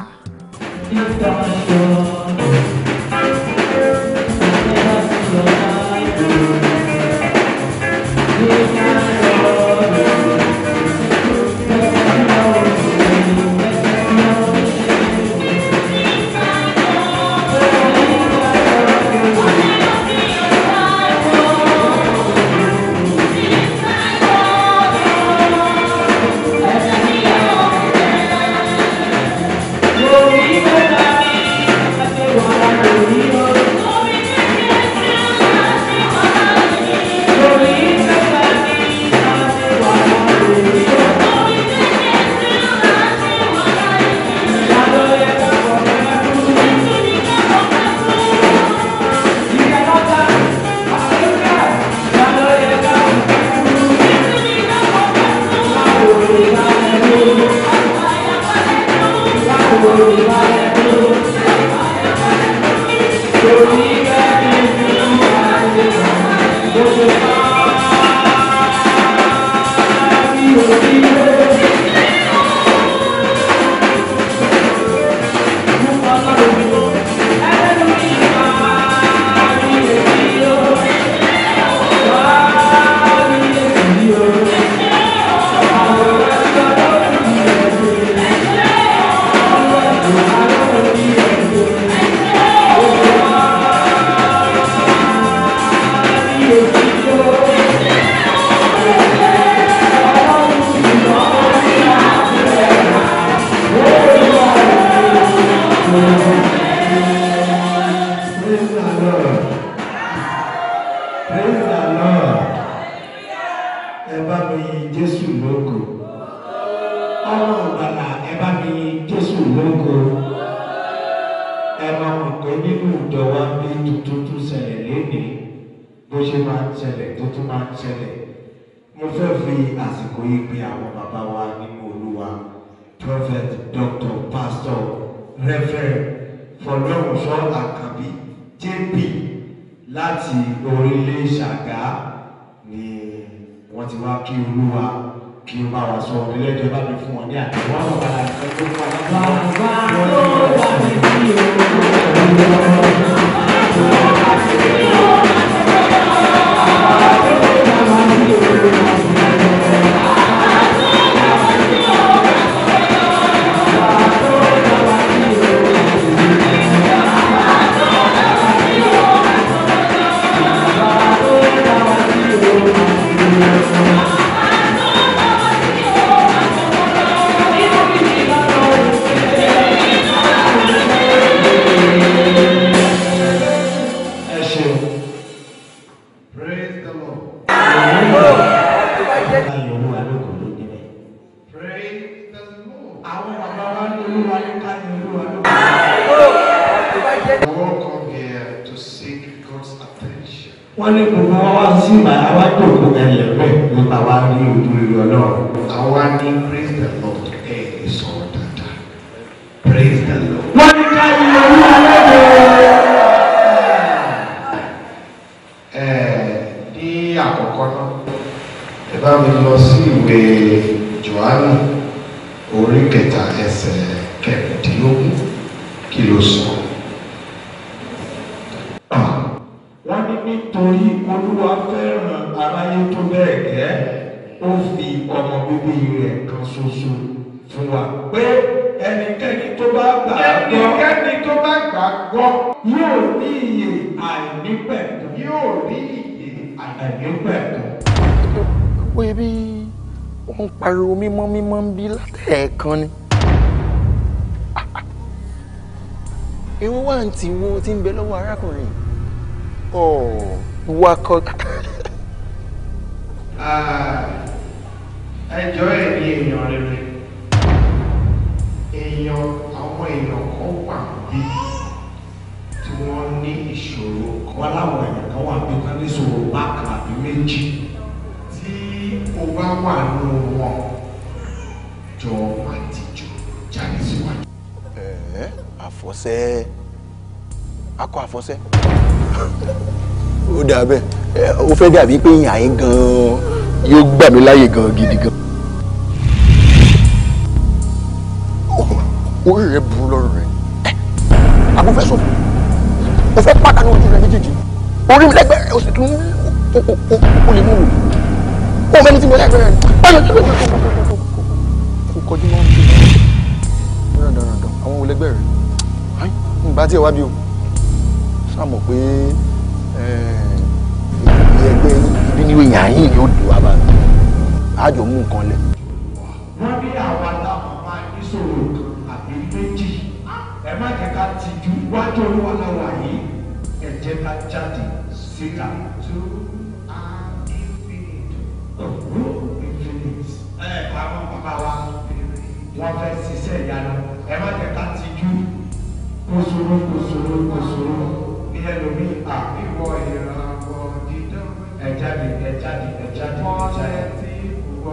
Ògbómọ̀ṣọ́ Àkànbí JP láti orílẹ̀ Ṣàgá ni wọ́n ti wá kí Olúwa kí ó bá wa sọ orílẹ̀ èdè bá mi fún wọn ní àtẹ̀wọ́ àwọn ọ̀gá àti ẹgbẹ́ fún wọn. bàbá ló wà ní bí o. Thank you. dàbí pé ìyàn yín gan-an yóò gbà mí láyè gan-an gidi gan. orí rẹ burú lọ́rùn rẹ àbò fẹ́ sọ̀rọ̀ o fẹ́ pàdánù ojú rẹ méjèèjì orí mi lẹ́gbẹ̀ẹ́ o sì tún o lè mú o o mẹ́ni tí mo lẹ́gbẹ̀ẹ́ rẹ báyọ̀ tó lọ́jọ́ kò kọjú mọ́ ní ṣe dandandandan àwọn olẹ́gbẹ̀ẹ́ rẹ n bá tiẹ̀ wá bí o sáà mọ̀ pé ẹ̀ẹ́ ẹgbẹ́ ibi ni èèyàn yìí yóò dùn wá bá mi àjọ mú nǹkan lẹ. wọ́n ní àwa táwọn máa ń sọ̀rọ̀ àbí méjì ẹ má jẹ́ ká tijú wájú olúwa. ẹ̀jẹ̀ kan ṣe tí kò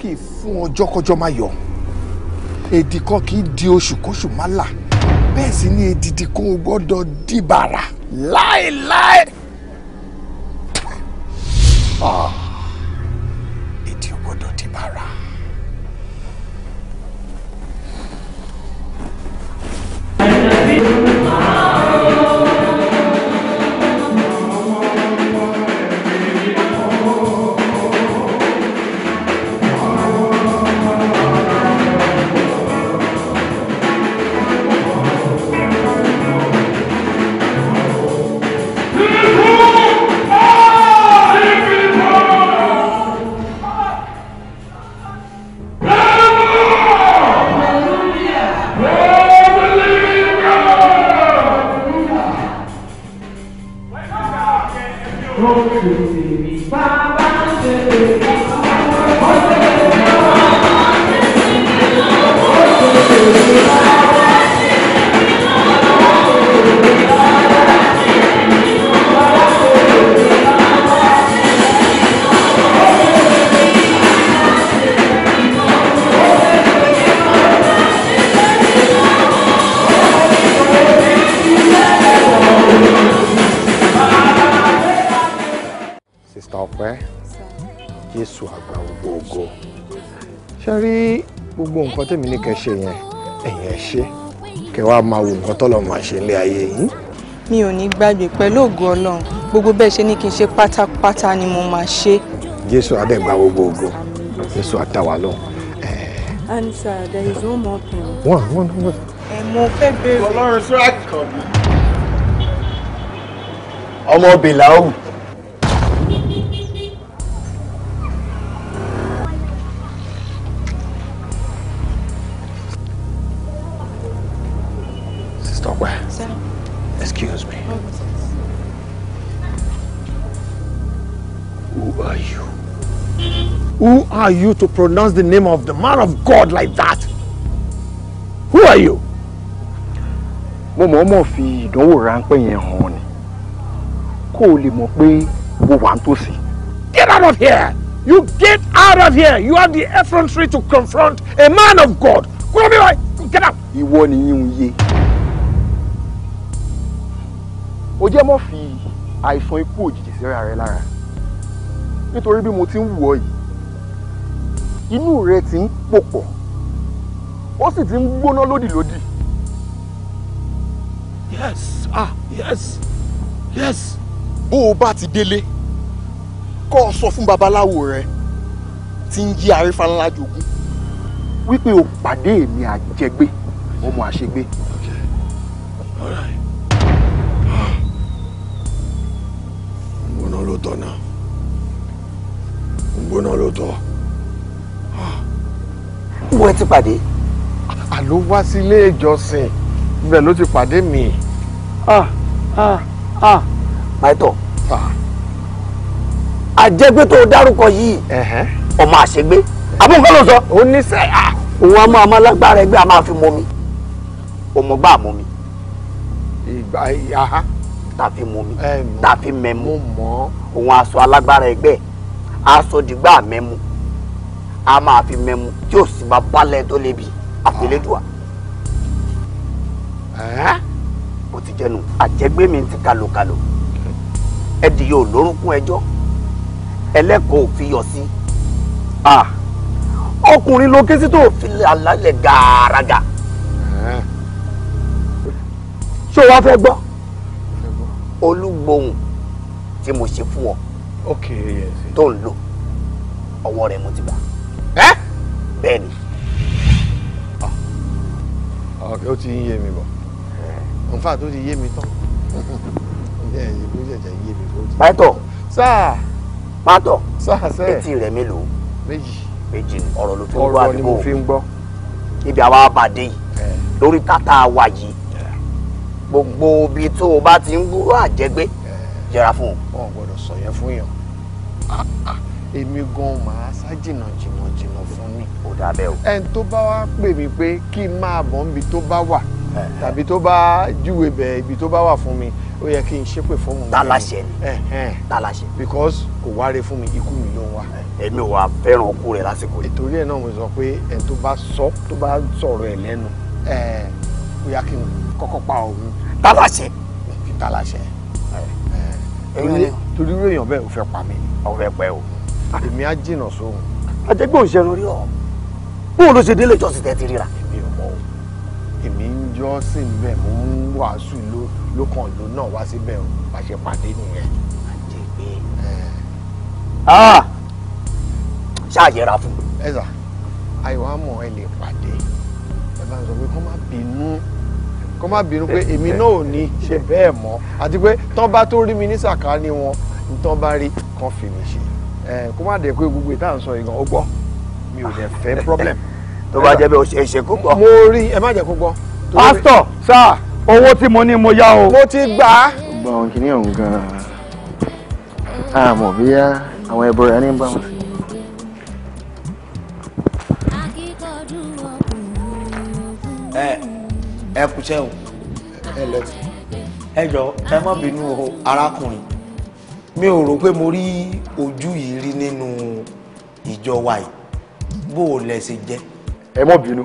kì í fún ọjọ́ kọjọ́ máa yọ èdè kan kì í di oṣù kóṣù má là bẹ́ẹ̀ sì ni èdìdì kan ò gbọ́dọ̀ dìbàrà láéláé. nǹkan tèmi ní kẹ́ ṣe yẹn ẹ̀yin ẹ̀ ṣe kẹ́ wàá máa wo nǹkan tọ́lọ̀ máa ṣe nílé ayé yìí. mi ò ní gbàgbé pẹ̀lú ògo ọlọ́run gbogbo bẹ́ẹ̀ ṣe ní kí n ṣe pátápátá ni mo máa ṣe. jésù adẹ́gbà gbogbo ògo jésù àtàwà lọ. and there is one more thing. one one one. ẹ mo fẹ́ bẹ̀rẹ̀. ọlọ́run sọ́ra kàn mí. ọmọ bèlà ọ̀hún. How are you to pronounce the name of the man of God like that? Who are you? Mo mọ̀ mọ̀ fi ìdánwò ráńpẹ́ yẹn hàn ni. Kó o lè mọ̀ pé mo wà Get out of here! You get out of here! You have the effrontery to confront a man of God. Kúrò mi wá! Get out! Ìwọ ni yín yé. O jẹ́ mọ́ fi àìsàn ikú òjijì síra rẹ lára. Nítorí bí mo ti ń wù inú rẹ ti ń pòpọ̀ ó sì ti ń gbóná lódìlódì. yes ah yes yes. bó o bá ti délé kọ́ ọ sọ fún babaláwo rẹ tí ń yí arífa ńlá jogún wípé o pàdé èmi àjẹgbé ọmọ àṣegbé. okay all right. Ah. ń gbóná lóòótọ́ náà ń gbóná lóòótọ́ mo ẹ ti pàdé. àló wá sí ilé ìjọsìn ibẹ̀ ló ti pàdé mi. ah ah ah. maitọ àjẹgbé tó dárúkọ yìí ọmọ àṣegbé àbúkọ́ ló sọ. ó ní sẹ́yà. òun a máa máa lágbára ẹgbẹ́ a máa fi mú mi ọmọ bá mú mi. ìgbà ìyá. tàfi mú mi tàfi mẹ́mu òun aṣọ alágbára ẹgbẹ́ aṣọ dìgbà mẹ́mu a máa fi mẹ́mu tí ò sì máa bálẹ̀ tó lébi àfẹlẹ́dùà. bó ti jẹnu àjẹgbé mi ti kalokalo ẹdì yóò lórúnkún ẹjọ́ ẹlẹ́kọ̀ọ́ fi yọ sí ọkùnrin ló ké sí tó fi àlálẹ̀ gàràgà ṣé o wá fẹ́ gbọ́ olúgbòhùn tí mo ṣe fún ọ tó ń lò ọwọ́ rẹ̀ mo ti bá a ẹ. bẹ́ẹ̀ni. ọkẹ ah, ó ti ń yé mi bọ nfa tó ti yé mi tán ǹjẹ́ ẹ̀yìn kó jẹ̀jẹ̀ yé mi tó ti. pátọ̀ sáà pátọ̀ sáà sẹ́ẹ̀ etí rẹ̀ mélòó. méjì. méjì ọ̀rọ̀ ló fi ń gbọ́ àdúgbò ọ̀rọ̀ ni àwa bàdé lórí kátà wa yìí gbogbo ibi tó o bá ti ń gbúrò àjẹgbé yẹra fún o. wọn ò gbọdọ̀ sọ yẹn fún yàn. Ah, ah èmi gan màá sá jìnnà jìnnà jìnnà fún mi. ó dà bẹ́ẹ̀ o. ẹni tó bá wá pè mí pé kí n máa bọ̀ níbi tó bá wà tàbí tó bá júwe bẹ̀ ibi tó bá wà fún mi ó yẹ kí n ṣépè fún mi. tálàṣẹ ni tálàṣẹ. because kò wáre fún mi ikú mi ló ń wá. èmi ò wá fẹ́ràn ọkú rẹ̀ lásìkò yìí. ètò orí ẹ̀ náà mo sọ pé ẹni tó bá sọ tó bá sọ̀rọ̀ ẹ̀ lẹ́nu ó yá kí n kọ́kọ́ pa òun. tálàṣẹ. tálàṣẹ. torí èèyàn bẹ́ẹ̀ ò fẹ́ pa mí. ò fẹ́ pẹ́ o èmi á jìnnà sóhun. àjẹgbẹ́ òṣèré orí ọ̀ bóun ló ṣe délé ìjọsìn tẹ́ ti ríra. èmi ò mọ̀ o èmi ń jọ́ sí bẹ́ẹ̀ mo ń wàásù lókàn ló náà wá síbẹ̀ o bá ṣe pàdé nìyẹn. àjẹgbẹ́ ṣáàyẹra fún. ẹ sà àyẹ̀wò àmọ̀ ẹ lè pàdé ẹ bá ń sọ pé kó má bínú kó má bínú pé èmi náà ò ní ṣe bẹ́ẹ̀ mọ́ àti pé tán bá tó rí mi ní sàkáání wọn ní tán bá rí kán fi mi ṣe kó má dẹ̀ pé gbogbo ìta ń sọ ìgàn ó gbọ́ mi ò dẹ̀ fẹ́ (laughs) problem. tó bá jẹ́ bẹ́ẹ̀ o ṣe ṣe kó gbọ́. mo rí ẹ má jẹ́ kó gbọ́. pásítọ̀ sá owó tí mo ní mo yá o. mo ti gbà á. gbọ́n òun kìíní ọ̀hún gan-an àmọ́ bí àwọn ẹbọrẹ ní bá wọn. ẹ ẹ kúṣẹ́ o ẹ jọ ẹ má bínú arákùnrin mi ò rò pé mo rí ojú yìí rí nínú ìjọ wa yìí bó o lẹ ṣe jẹ́. ẹ mọ̀ bínú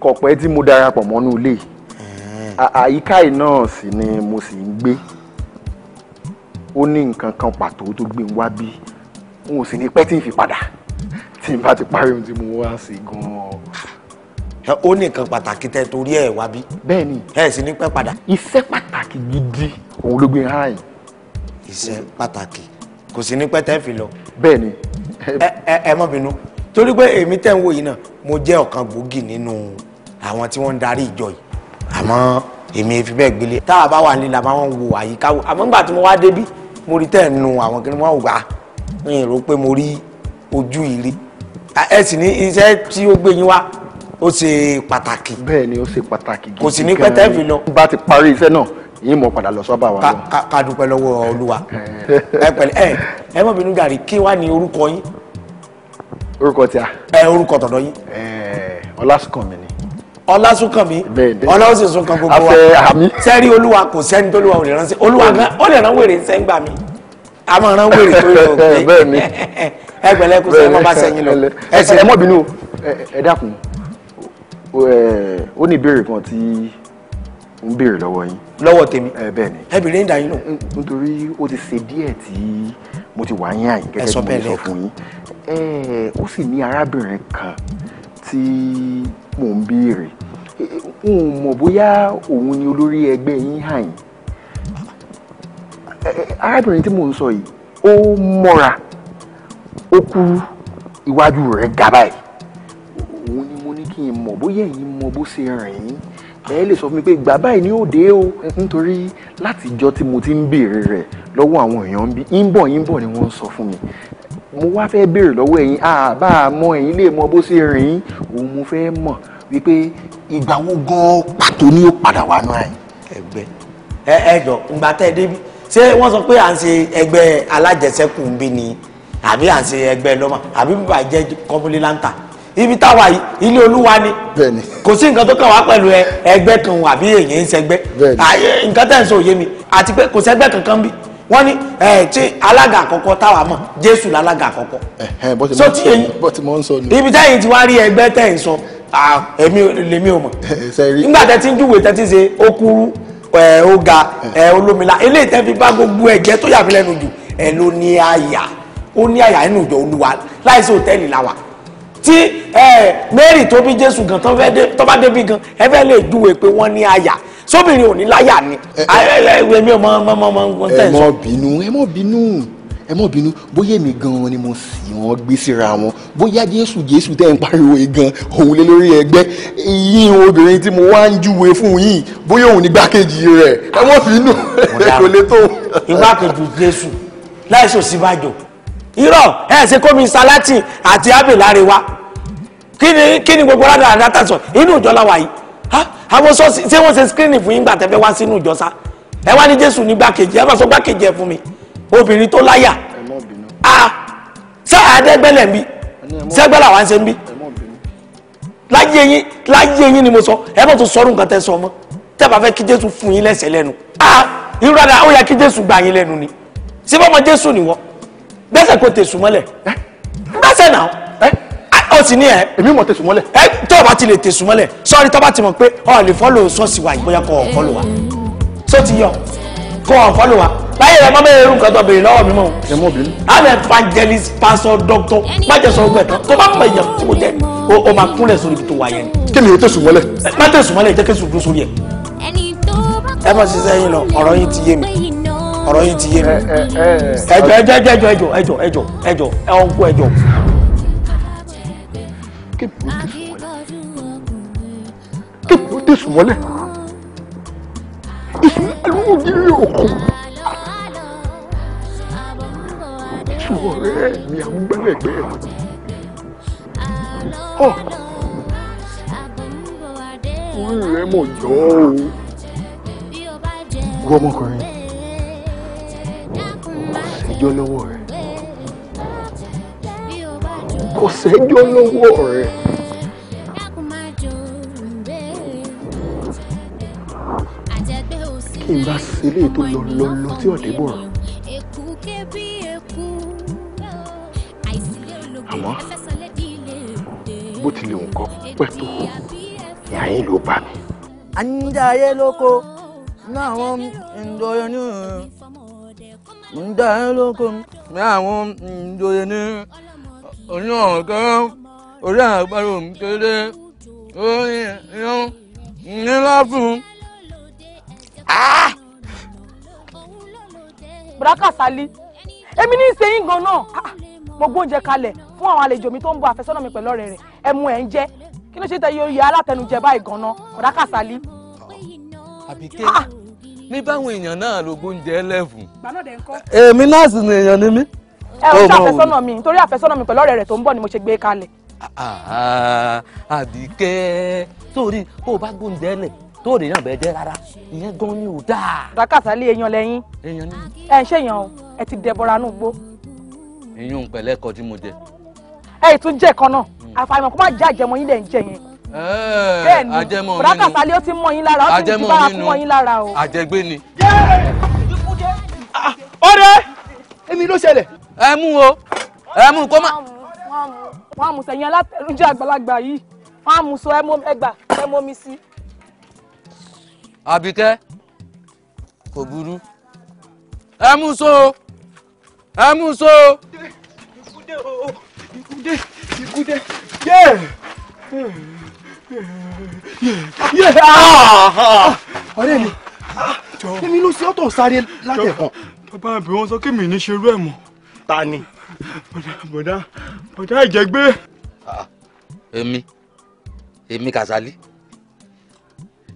kò pẹ́ tí mo darapọ̀ mọ́nú ilé àyíká yìí náà sì ni mo sì ń gbé ó ní nǹkan kan pàtó tó gbé ń wá bí n ò sì ní pẹ́ tí n fi padà tí n bá ti parí ohun tí mo wá sí gan-an ó ní nǹkan pàtàkì tẹ torí ẹ wá bí. bẹ́ẹ̀ni ẹ sì ní pẹ́ padà. iṣẹ́ pàtàkì gidi òun ló gbé hàn yìí iṣẹ́ pàtàkì kò sí ní pẹ́tẹ́ fi lọ. bẹ́ẹ̀ni. ẹ ẹ ẹ má bínú torí pé èmi tẹ̀ ń wò yìí náà mo jẹ́ ọ̀kan gbòógì nínú àwọn tí wọ́n ń darí ìjọ yìí àmọ́ èmi e fi bẹ́ẹ̀ gbélé tá a bá wà nílẹ̀ a máa ń wo àyíká wo àmọ́ nígbà tí mo wá débí mo rí tẹ̀ ń nu àwọn kí ni wọ́n wà ń rò pé mo rí ojú ìrí ẹ sì ní iṣẹ́ tí ó gbé yín wá ó ṣe pàtàkì. bẹ́ẹ̀ni ó ṣe pàtàkì gidi gan kò sì ní pẹ́tẹ́ fi lọ. bá ti parí iṣẹ́ náà yìí mọ̀ padà lọ sọ́ba wa. ká dúpẹ́ lọ́wọ́ olúwa ẹ pẹ̀lẹ́ ẹ ẹ mọ̀ bínú gàrí kí wàá ní orúkọ yín. orúkọ tí a. ẹ orúkọ tọ̀dọ̀ yín. ọlásùnkànmí ni. ọlásùnkànmí ọlọ́sìnsùn kan gbogbo wa sẹ́rí olúwa kò sẹ́ni tó olúwa ò lè ránṣẹ́ olúwa gan ó lè rán wèrè sẹ́ngbà mi a máa rán wèrè tó yọ o ẹ pẹ̀lẹ́ kó sẹ́ni wọ́n bá sẹ́yìn lọ. ẹ mọ̀ bínú ẹ dákun ó ní ìbéèrè kan tí ń béèrè lọ́wọ́ yín. lọ́wọ́ tèmi ẹ eh, bẹ́ẹ̀ ni. ẹ bèrè ń dà yín lò. nítorí ó ti ṣe díẹ̀ tí mo ti wà yín àyìn gẹ́gẹ́ bí mo sọ fún yín. Eh, ó sì ní arábìnrin kan tí mò ń béèrè n ò mọ̀ bóyá òun ni olórí ẹgbẹ́ yín àyìn. Eh, arábìnrin tí mò ń sọ yìí ó mọ́ra ó kúrú iwájú rẹ̀ gàbáyé òun ni mo ní kí n mọ̀ bóyá èyí mọ bó ṣe rìn yín ẹ lè sọ fún mi pé ìgbà báyìí ni ó dé o nítorí láti ìjọ tí mo ti ń béèrè rẹ̀ lọ́wọ́ àwọn èèyàn bí ìbọ̀ ìbọ̀ ni wọ́n sọ fún mi mo wá fẹ́ béèrè lọ́wọ́ ẹ̀yin àbá mọ ẹ̀yin lè mọ bó ṣe rìn òun mo fẹ́ mọ̀ wípé ìgbà wo gan pàtó ni ó padà wà náà ẹ̀. ẹgbẹ́ ẹ ẹ jọ ìgbà tẹ ẹ débi ṣé wọ́n sọ pé à ń ṣe ẹgbẹ́ alájẹsẹ́kù ń bí ni àbí à ń ṣe ẹgbẹ́ lọ́mọ àbí bàbá jẹ́ ibi táwa yìí ilé olúwa ni kò sí nǹkan tó kàn wá pẹ̀lú ẹgbẹ́ kan àbí èyí ń sẹgbẹ́ nǹkan tẹ̀ ń sọ òye mi àti pé kò sẹgbẹ́ kankan bí wọ́n ní tí alága àkọ́kọ́ táwa mọ̀ jésù lálága àkọ́kọ́ so ti eyín ibi tẹ́yìn ti wá rí ẹgbẹ́ tẹ̀ ń sọ èmi lèmi ò mọ̀ (laughs) nígbà tẹ́ ti ń júwèé tẹ́ ti ṣe okuru ọ̀gá olómìnira eléyìí tẹ́ fi bá gbogbo ẹ̀jẹ̀ tó yàfi lẹ́nu jù ẹ̀ ló ní àyà ó ní àyà nínú ìjọ olúwa láìsí òtẹ́ẹ̀lì làwà tí Mary tó bí Jésù gan tó bá débi gan ẹ fẹ́ lè júwe pé wọ́n ní àyà sóbìnrin ò ní láyà ni ẹmí ọmọ ọmọ ọmọ tẹ̀ sọ. ẹ mọ bínú ẹ mọ bínú ẹ mọ bínú bóyá èmi gan ni mo sì wọn gbé síra wọn bóyá Jésù Jésù tẹ́ ń pariwo yìí gan òun lé lórí ẹgbẹ́ yín obìnrin tí mo wá ń júwe fún yín bóyá òun ní gbákejì rẹ̀ ẹ mọ bínú ẹ (laughs) kò lè tó. ìgbákejì Jésù láìsòsínbàjò irọ́ ẹ̀ ṣe kó mi salati àti abe láre wa kí ni kí ni gbogbo rádà àdáta sọ inú ìjọ láwa yìí àwọn sọ́ọ̀sì ṣé wọ́n ṣe skírínì fún yín gbà tẹ́fẹ́ wá sínú ìjọ sá ẹ wá ní Jésù ní gbàkejì ẹ bá sọ gbàkejì ẹ fún mi obìnrin tó láyà ṣé àdẹ́gbẹ́lẹ̀ ń bí ṣẹ́gbẹ́lẹ̀ àwa ń ṣe ń bí láyé yín láyé yín ni mo sọ ẹ bá tún sọrú nǹkan tẹ sọ mọ́ tẹ́ bá fẹ́ kí Jésù fún yín lẹ́sẹ̀ lẹ́nu irú rádà ó yẹ kí Jésù gbà yín lẹ́nu ni ṣé bọ́mọ Jésù nìwọ gbẹ́sẹ̀ kó tẹ̀sùn mọ́lẹ̀ gbẹ́sẹ̀ náà ó sì ní ẹ. èmi mọ̀ tẹ̀sùn mọ́lẹ̀. ẹ tó o bá ti lè tẹ̀sùn mọ́lẹ̀ sọ́ọ́ni tó bá ti mọ̀ pé ọ lè fọ́lò sọ́ọ̀sì wa ìgbóyà kọ́ ọ̀ fọ́lò wa só ti yọ kọ́ ọ̀ fọ́lò wa báyìí rẹ mọ́mọ́ eré nǹkan tó béèrè lọ́wọ́ mi mọ́ o. ẹ mọ̀ bínú. i'm evangelist pastor doctor májèsọ ọgbẹ tán tó bá mọ èèyàn tó jẹ o máa kúnlẹ̀ sórí ibi tó wà yẹn. kí ni o tẹ̀sùn mọ́lẹ̀. má tẹ̀sùn mọ́lẹ̀ jẹ́ kí n sùn dúró sórí ẹ̀. ẹ mọ̀ sísẹ́ yín lọ ọ̀rọ̀ yín ti yé mi ọ̀rọ̀ yìí ti yé mi. ẹjọ ẹjọ ẹjọ ẹjọ ẹjọ ẹjọ ẹjọ ẹwọn kú ẹjọ. kébù ó dé sùn wọlé kébù ó dé sùn wọlé ìsúnmọ́lú ògiri òkun. sùn ọ̀rẹ́ mi àwọn gbẹ́lẹ́gbẹ́ ọ̀ orí rẹ̀ mọ̀ jọ́ o. wọ́n ọmọkùnrin sẹ́jọ́ lọ́wọ́ rẹ kò sẹ́jọ́ lọ́wọ́ rẹ. kí n bá ṣe eléyìí tó lọ lọ lọ tí ọ̀dẹ́ bọ̀ rọ. àmọ́ bó tilẹ̀ nǹkan pẹ́ tó yàyín ló bá mi. àníjà ayé lóko náà wọ́n ń dọ̀yọ́ ní òun ń dá ẹ lóko ní àwọn ìjòyè ní oní ọ̀hún orí àgbàdo kéde lórí yan nílá fún. bùrákà sálí èmi ní í ṣe yín gan náà ah! mo gbóúnjẹ kalẹ̀ fún àwọn àlejò mi tó ń bọ̀ àfẹ́sọ́nà mi pẹ̀lú ọ̀rẹ́ rẹ̀ ẹ mu ẹ̀ ń jẹ́ kí ló ṣe tẹ iye alátẹnujẹ báyìí gan náà bùrákà sálí. àbíké ah! ní báwọn èèyàn náà lógún jẹ́ lẹ́fùn. èmi náà sì ni èèyàn ni mí. ẹ o ṣe àfẹ́sọ́nà mi nítorí àfẹ́sọ́nà mi pẹ̀lú ọ̀rẹ́ rẹ̀ tó ń bọ̀ ni mo ṣe gbé kalẹ̀. àbíkẹ́ sórí tó o bá gbóúnjẹ lẹ̀ tó o lè yàn bẹ́ẹ̀ jẹ́ rárá ìyẹn gan ni ò dáa. dákàtà lé èèyàn lẹ́yìn ẹ ń ṣèyàn o ẹ ti dẹbọra nù gbó. ìyún pẹ̀lẹ́ kọjú mo jẹ. ẹ hmm. ì Eh, bẹ́ẹ̀ni bùrákà sálẹ̀ ó ti mọ yín lára ó ti ní bára fún mọ yín lára o. àjẹgbé ni. ọ̀rẹ́ èmi ló ṣẹlẹ̀. ẹ mú o ẹ mú kó má. wọ́n á mú sẹ́yìn alátẹnujẹ àgbàlagbà yìí wọ́n á mú sọ ẹgbà ẹ mọ mi sí. àbíkẹ́ kò burú ẹ mú so ẹ mú so. ikú dé ikú dé ikú dé ọ̀rẹ́ mi èmi ló ṣe ọ̀tọ̀ sáré látẹ̀kàn. bàbá àbí wọn sọ kémi ní ṣerú ẹ̀ mọ́. ta ni. bọ̀dá bọ̀dá ìjẹ́gbé. Ah, èmi èmi Kàsálí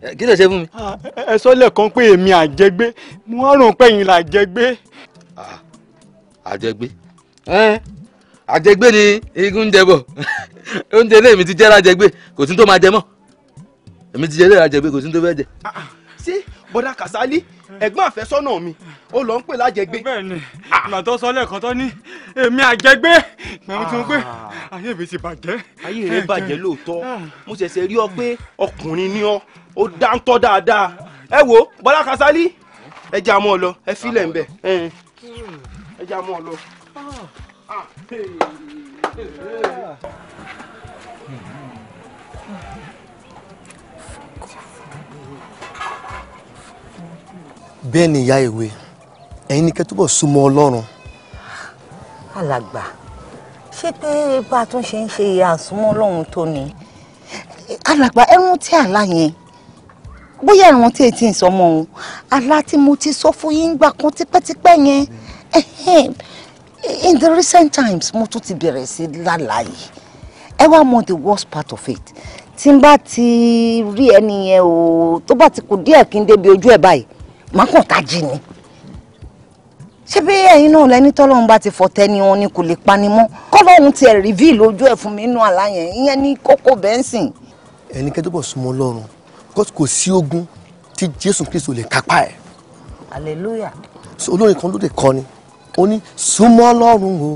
eh, kí ló ṣe fún mi. Ah, ẹ sọ lẹ́ẹ̀kan pé èmi àjẹgbé mo wá rò pé ẹ̀yin là jẹgbé. Ah, àjẹgbé eh, àjẹgbé ni igun ń jẹbọ (laughs) oúnjẹ ilé mi ti jẹ́ rájẹgbé kò sí tó máa jẹ mọ́ èmi ti jẹ́ ilé rájẹgbé kò sí tó fẹ́ jẹ. Ah, ah. ṣé bọ́dà Kàsálí ẹ̀gbọ́n àfẹ́sọ́nà mi ó lọ ń pè lájẹgbé. bẹ́ẹ̀ni ah. ìgbà tó sọ lẹ́ẹ̀kan tó ní èmi àjẹgbé mẹun tó ń pè ayé mi ti bàjẹ́. ayé rẹ bàjẹ́ lóòótọ́ mo ṣẹ̀ṣẹ̀ rí ọ pé ọkùnrin ni ọ ó dáńtọ́ dáadáa ẹ wo bọ́dà Kàsálí ẹ jẹ́ àmọ́ lọ ẹ fílẹ̀ ń bẹ̀ ẹ jẹ́ àmọ́ lọ bẹ́ẹ̀ ni ìyá ìwé ẹ̀yin ni kẹ́ túbọ̀ súnmọ́ ọlọ́run. alàgbà ṣé pé bá a tún ṣe ń ṣe àsúnmọ́ ọlọ́run tó ni alàgbà ẹ̀rùn tí àlá yẹn bóyá ẹ̀rùn tí ètí ìsọmọ òun alá tí mo ti sọ fún yín gbà kan tipẹ́tipẹ́ yẹn in the recent times mo tún ti bẹ̀rẹ̀ sí lálàá yìí ẹ wá mọ the worst part of it tí n bá ti rí ẹni yẹn o tó bá ti kù díẹ̀ kí n débi ojú ẹ̀ báyìí màá kàn tají ni ṣé bí ẹ̀yin náà lẹni tọ́lọ́run bá ti fọ̀tẹ́ ni wọn ni kò lè pani mọ́ kọ́lọ́run tiẹ̀ reveal ojú ẹ̀ fún mi nínú àlá yẹn ìyẹn Ni kókó bẹ́ńsìn. ẹni kẹ́tọ́ bọ̀ súnmọ́ ọlọ́run kò sí ogun tí jésù kristu lè kápá ẹ̀. hallelujah. so olórin kan ló lè kọ́ ni ó ní súnmọ́ lọ́rùn o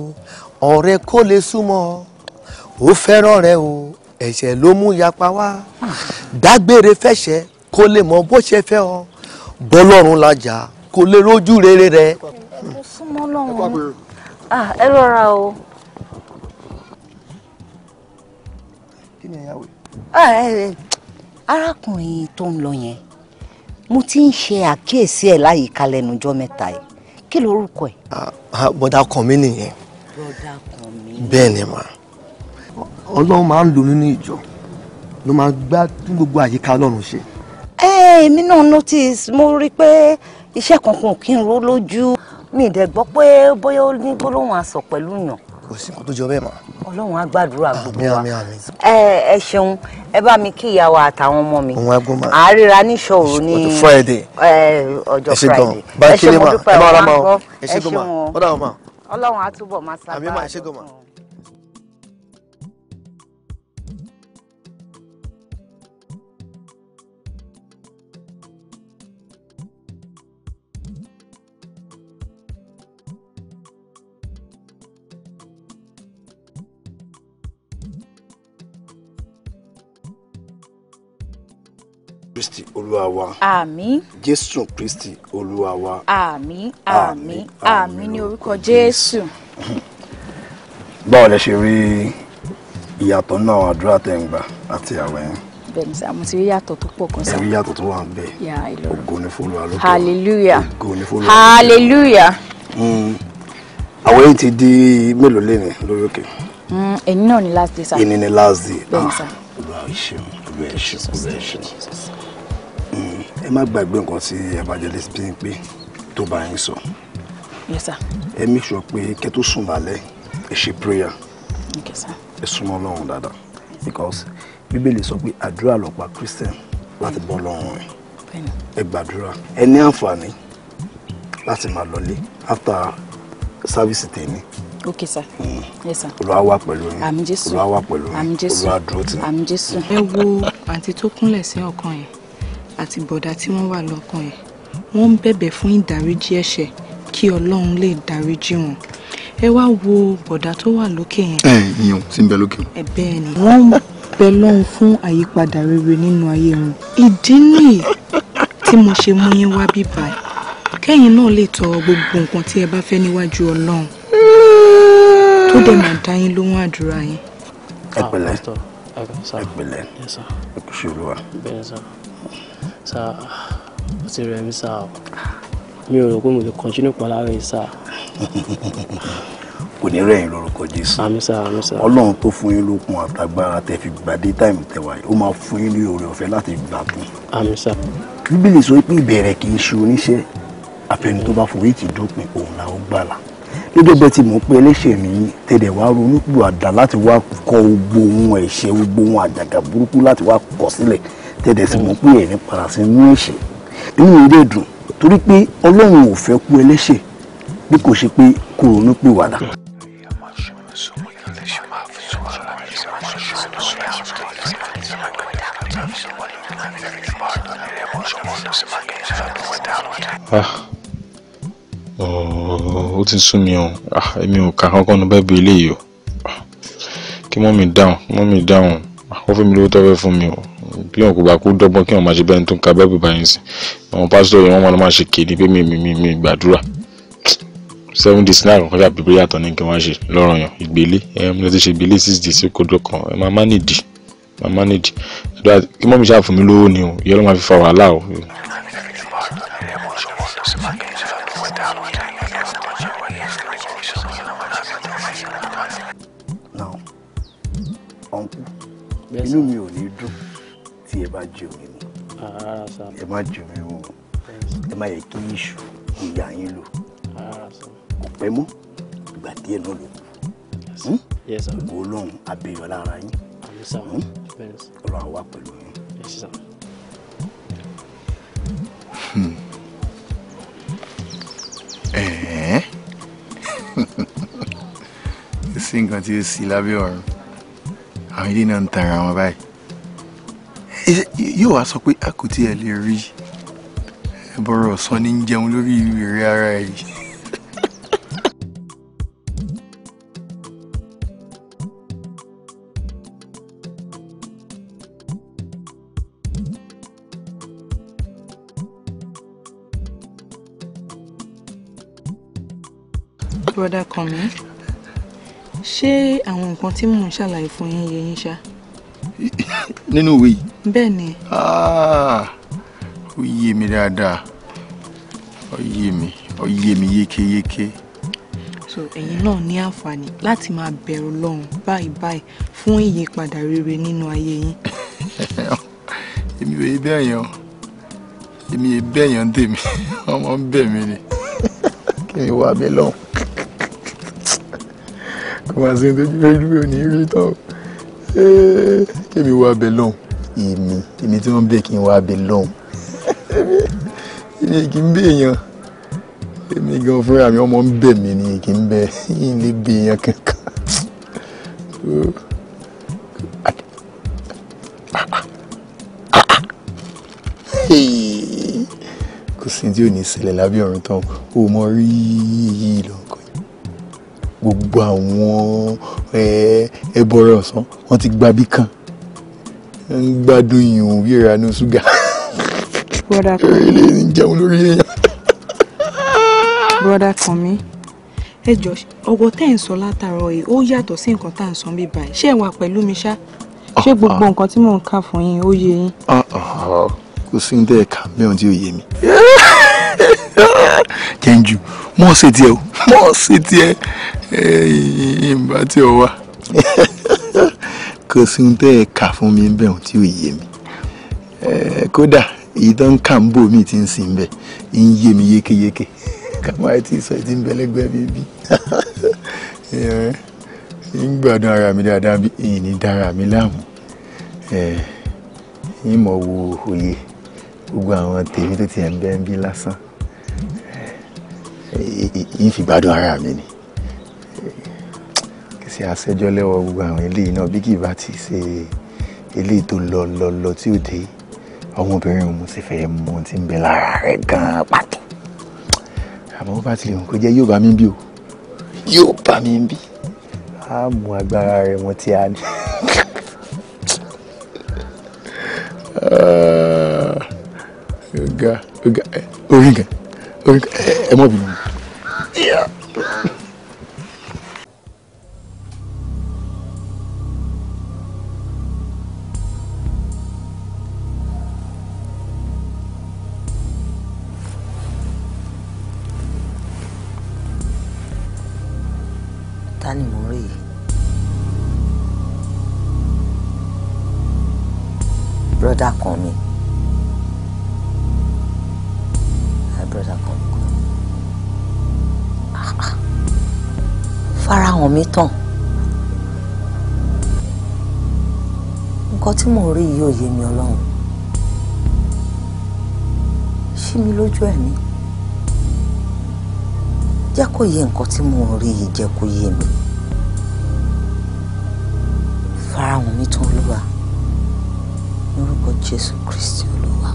ọ̀rẹ́ kó lè súnmọ́ ó fẹ́ràn rẹ o ẹ̀ṣẹ̀ ló mú yapa wá dágbére fẹ̀ṣẹ̀ kó lè mọ bó ṣe fẹ́ ọ bọ́lọ́run lajà kó lè rójú rere rẹ. súnmọ́ lọ́rùn ẹ rọra o. kí ni ìyàwó arákùnrin tó ń lọ yẹn mo ti ń ṣe àkíyèsí ẹ̀ láyìíká lẹ́nu ọjọ́ mẹ́ta yìí kí lorúkọ ẹ. bọ́dà ah, ah, kan mi nìyẹn. bọ́dà kan mi. bẹ́ẹ̀ ni mà ọlọ́run máa ń lò nínú ìjọ ló máa gbá tún gbogbo àyíká ọlọ́run ṣe. ẹ èmi náà notice mo rí i pé iṣẹ́ kankan kí n ro lójú mi ìdẹ̀ gbọ́ pé bóyá ó ní gbólóhùn asọ̀ pẹ̀lú yàn kò sí nǹkan tó jọ bẹ́ẹ̀ mọ́. ọlọ́run á gbàdúrà gbogbo wa ẹ ṣeun ẹ bá mi kí ìyàwó àtàwọn ọmọ mi àárẹ̀ra ní ṣòro ní ọjọ́ friday ẹ ṣe gan bá kí lè mà ẹ má ra mà ọ ẹ ṣe gan mà ọlọ́run á túbọ̀ máa sábà. olúwa wa. àmín. jésù kristi olúwa wa. àmín àmín àmín ní orúkọ jésù. (laughs) báwo lẹ ṣe rí ìyàtọ̀ náà àdúrà tẹ̀ ń gbà àti àwẹ̀ yẹn. bẹ́ẹ̀ni sá mo ti rí yàtọ̀ tó pọ̀ kan sá. ẹ rí yàtọ̀ tó wà ń bẹ. ògo ni fún Olúwa lókè. hallelujah ògo ni fún Olúwa lókè. hallelujah. Hmm. àwọn yìí ti di mélòó lé ní lórí òkè. Hmm, èyí náà ni last day sá. èyí ni last day. bẹ́ẹ̀ni ah, sá. olúwa ìṣeun olúwa ìṣeun olúwa ìṣeun má gbàgbé nǹkan tí evangelist Bímpé tó bá yín sọ. yes sir. ẹ make sure pé kẹ́ tó sùn lálẹ́ ẹ ṣe prayer. okay sir. ẹ súnmọ́ Ọlọ́run dáadáa because bíbélì sọ pé àdúrà lọ̀pá christian láti bọ́ lọ́rùn rẹ̀ ẹ gbàdúrà ẹ ní àǹfààní láti máa lọlé after service tèmi. ok sir mm. yes sir. olúwa wà pẹ̀lú yín àmín jésù olúwa wà pẹ̀lú yín àmín jésù olúwa dúró tì. àmín jésù. ẹ wo àǹtí tó kúnlẹ̀ sí ọkàn yẹn àti bọ̀dá tí wọ́n wà lọ́kàn ẹ̀ wọ́n ń bẹ̀bẹ̀ fún ìdáríjì ẹ̀ṣẹ̀ kí ọlọ́run lè dáríjì wọn ẹ wá wo bọ̀dá tó wà lókè yẹn. ẹ ìyẹn tí ń bẹ lókè. ẹ bẹ́ẹ̀ ni wọ́n ń bẹ lọ́hùn fún àyípadà rere nínú ayé wọn. ìdí nìyí tí mo ṣe mú yín wá bíbá ẹ kẹ́yìn náà lè tọ gbogbo nǹkan tí ẹ bá fẹ́ níwájú ọlọ́run tó dẹ̀ máa dá yín lóhùn àdúrà yín. Ah, ẹ pẹ̀lẹ́ ẹ pẹ̀lẹ́ ẹ kú olúwa sá ó ti rẹ̀ mí sá o mi ò rò pé mo lè continue pọ̀ láàrin sá. kò ní rẹ̀ yín lórúkọ jésù àmín sá àmín sá ọlọ́run tó fún yín lókun àtàgbára tẹ fi gbàdé táìmù tẹwàá yìí ó máa fún yín ní oore ọ̀fẹ́ láti gbà kún. àmín sá. bíbélì sọ pé ìbẹ̀rẹ̀ kì í ṣe oníṣẹ́ àfẹni tó bá fòwé ìtì dópin òun là ó gbàlà gẹ́gẹ́ bẹ́ẹ̀ tí mò ń pe ẹlẹ́ṣẹ̀ mi tẹ̀lẹ̀ wá ronú àdá láti wá kọ gbogbo ohun ẹ̀ṣẹ̀ gbogbo ohun àjàgà burúkú láti wá kọ sílẹ̀ tẹ̀dẹ̀ sì mọ̀ pé ẹ̀rín padà sí inú ẹ̀ṣẹ̀ inú mi dẹ̀ dùn torí pé ọlọ́run ò fẹ́ kú ẹlẹ́ṣẹ̀ bí kò ṣe pé kó ronú pìwàdà. Ah. Oh, ó ti sú mi o ah, èmi ò kà kankan nu bẹ́ẹ̀ bí eléyìí o ah. kí mọ́ mi dáhùn mọ́ mi dáhùn ó fún mi lówó tọ́wẹ́ fún mi o kí lóun kò gbà kó dọ́gbọ́n kí wọ́n máa ṣe bẹ́ẹ̀ tó ń ka bẹ́ẹ̀ báyìí sí àwọn pásítọ̀ yìí wọ́n máa ṣe kéde pé mi mi mi mi gbàdúrà seven days náà kọjá bíbélì àtọ̀ ní kí wọ́n ṣe lọ́rọ̀ yàn ìgbélé ẹ mo ti ṣe ìgbélé six days sí kodo kan ẹ máa má nìdí máa má nìdí àdúrà kí mọ́mí ṣáà fún mi lówó ni o ìyẹn ló máa fi fa wàhálà o. now inú mi ò má jẹ omi mu ah, ẹ má jẹ omi mu ẹ má yẹ kí iṣu kò yà yín lò ah, kò pẹ́ mọ́ ìgbà díẹ̀ náà ló kù hmm? gbogbo ọlọ́run abẹ́yọ̀ lára yín hmm? ọlọ́run wà pẹ̀lú yín. Hmm. (laughs) Eh? (laughs) sí nǹkan tí ó sì lábẹ́ ọ̀run àwọn ilé náà ń tan ara wọn báyìí yóò wá sọ pé a kò tiẹ̀ lè rí ẹ̀bọ̀rọ̀ ọ̀sán ní jẹun lórí ìrírí ara yìí. brother Kànmí ṣé àwọn nǹkan tí mò ń ṣàlàyé fún yín yé yín ṣá nínú ìwé yìí. bẹ́ẹ̀ ni. Ah, ó yé mi dáadáa ó yé mi ó yé mi yékéyéké. so ẹ̀yin náà ní àǹfààní láti máa bẹ̀rù Ọlọ́run báyìí báyìí fún ìyípadà rere nínú ayé yín. (laughs) èmi ò yé bẹ́ẹ̀ yẹn o èmi yé bẹ́ẹ̀ yẹn ń tèmi (laughs) ọmọ ń bẹ̀ mí ni. kí ni wàá bẹ lọ́hùn (laughs) kò máa ṣe ń dojú lójú mi ò rí tán kémi wá bẹ lọ́hùn èmi èmi tí wọ́n bẹ̀ kí n wá bẹ lọ́hùn èmi kì í bẹ èèyàn èmi gan fúnra mi ọmọ ń bẹ̀ mí ni kì í bẹ ilé bẹ èèyàn kankan. kò sí tí ò ní ṣẹlẹ̀ lábẹ́ ọ̀run tán o mọ rí iyì lọ́kọ̀ gbogbo àwọn ẹbọrẹ ọ̀sán wọ́n ti gba bí kan ń gbádùn ìhùn wíra ní ṣúgà. broda kan mi ilé ń jẹun lórí èèyàn. broda kan mi ẹ jọ ọgbọ tẹ́ ń sọ látàárọ̀ yìí ó yàtọ̀ sí nǹkan tá à ń sọ bí báyìí ṣé ẹ wà pẹ̀lú mi ṣá ṣé ah, gbogbo ah. nǹkan tí mò ń kà fún yín ó yé yín. Ah, kò sí ní tẹ́ ẹ̀ka mẹ́rin tí ó yé mi. (laughs) jẹ́njú mọ̀ ṣe tiẹ̀ o (laughs) mọ̀ ṣe tiẹ̀ ìgbà tí o wá. (laughs) kò sí ohun tẹ́ ẹ kà fún mi bẹ́ẹ̀ tí ò yé mi kódà èyí tó ń kà ń bò mí ti ń sìn bẹ́ẹ̀ ń yé mi yékéyéké (laughs) kàmá ẹ ti sọ ẹ ti ń bẹ lẹ́gbẹ̀ẹ́ mi bí ń gbádùn ara mi dáadáa bí ìní dára mi láàmú ìmọ̀ wo òye gbogbo àwọn tèmi tó ti ẹ̀ ń bẹ́ bí lásán yìí fi gbádùn ara mi ni kì í ṣe àṣẹjọ́ lẹ́wọ̀ gbogbo àwọn eléyìí náà bí kì í bá ti ṣe eléyìí tó lọ lọ lọ tí ò dé ọmọbìnrin òun sì fẹ́ mú ti tí ń bẹ lára rẹ̀ gan-an pàtó àmọ́ bá ti lè hàn kó jẹ́ yóò bá mi bí o yóò bá mi bí á mú agbára rẹ̀ wọn tí a ní. Ah, ọ̀gá ọ̀gá orí gan ẹ mọ̀ bínú. brother ni mò brother kan ní kú farahàn mi tàn nǹkan tí mò ń rí yìí ò yé mi ọlọ́run ṣí mi lójú ẹ̀ ni jẹ́ kó yé nǹkan tí mò ń rí yìí jẹ́ kó yé mi farahàn mi tàn olúwa lórúkọ jésù kristi olúwa.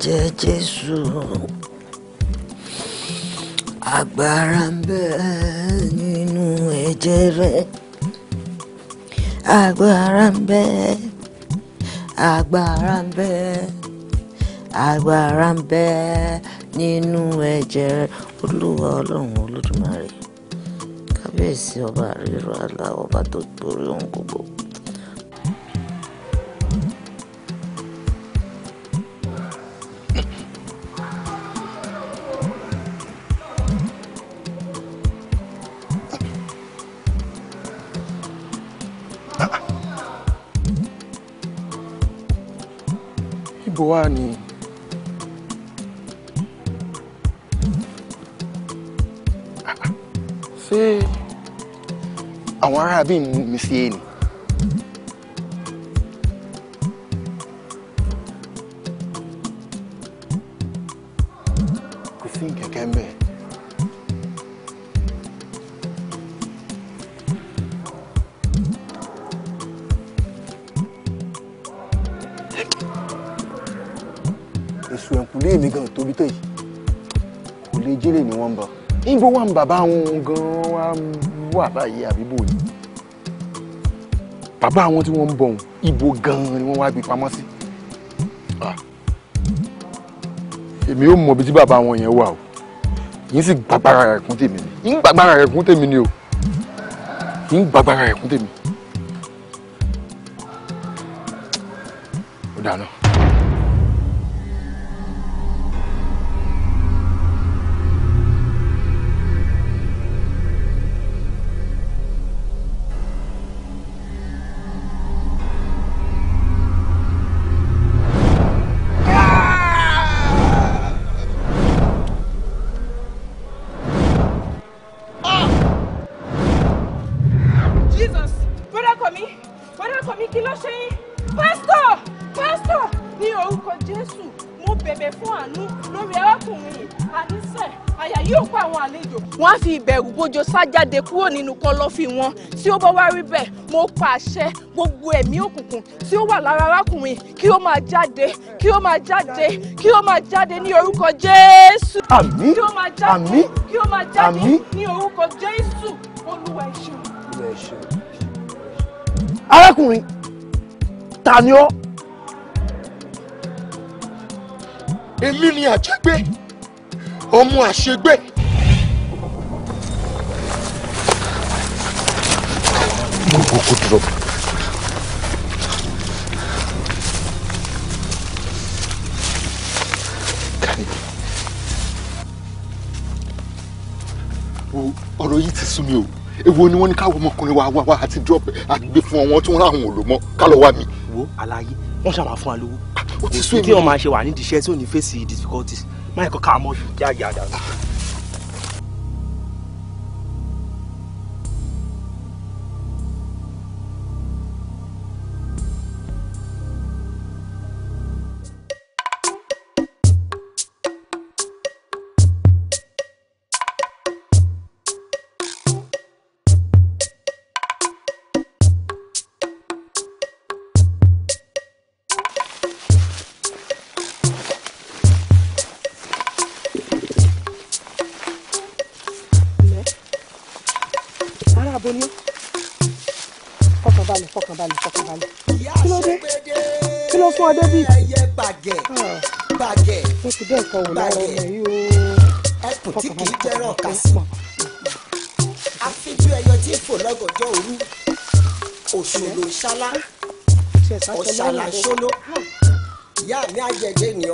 ẹ̀jẹ̀ jésù agbára ń bẹ nínú ẹ̀jẹ̀ rẹ agbára ń bẹ agbára ń bẹ agbára ń bẹ nínú ẹ̀jẹ̀ rẹ olúwa ọlọ́run olódùmarè kábíyèsí ọba rírọ àlà ọba tó borí ohun gbogbo. wà ní. ṣé àwọn aráabí mú mi sí èyí ni. bàbá wọn gan wa wà báyìí àbíbò ni bàbá wọn tí wọ́n ń bọ̀ wọn ibo gan ni wọ́n wá gbé pamọ́ sí èmi ò mọ̀ bí tí bàbá wọn yẹn wà o yìí sì gbàgbára rẹ̀ kún tèmi ni yìí gbàgbára rẹ̀ kún tèmi ni o yìí gbàgbára rẹ̀ kún tèmi. bójò sá jáde kúrò nínú kọ̀lọ̀fín wọn tí ó bá wá rí bẹ́ẹ̀ mo pa àṣẹ gbogbo ẹ̀mí òkùnkùn tí ó wà lára arákùnrin kí ó máa jáde kí ó máa jáde kí ó máa jáde ní orúkọ Jésù. àmín àmín kí ó máa jáde ní orúkọ Jésù Olúwa ìṣe. arákùnrin ta ni ọ́. èmi ni àjẹgbé ọmọ àṣegbé. Koku drop. Kari. Wo ọ̀rọ̀ yìí ti sú mi o. Èwo ni wọ́n ní káwọn ọmọkùnrin wa wá wá àti drop àgbè fún ọwọ́n tí wọ́n ráhùn ò lò mọ́ ká lọ wá mi. Wo àlàyé wọ́n ṣàmà fún wa lówó. Ó ti sú èmi. Kí wọ́n máa ṣe wà nídìí iṣẹ́ tí ò ní fèsì difficulties. Máyì kọ́ ká mọ́ ju kí á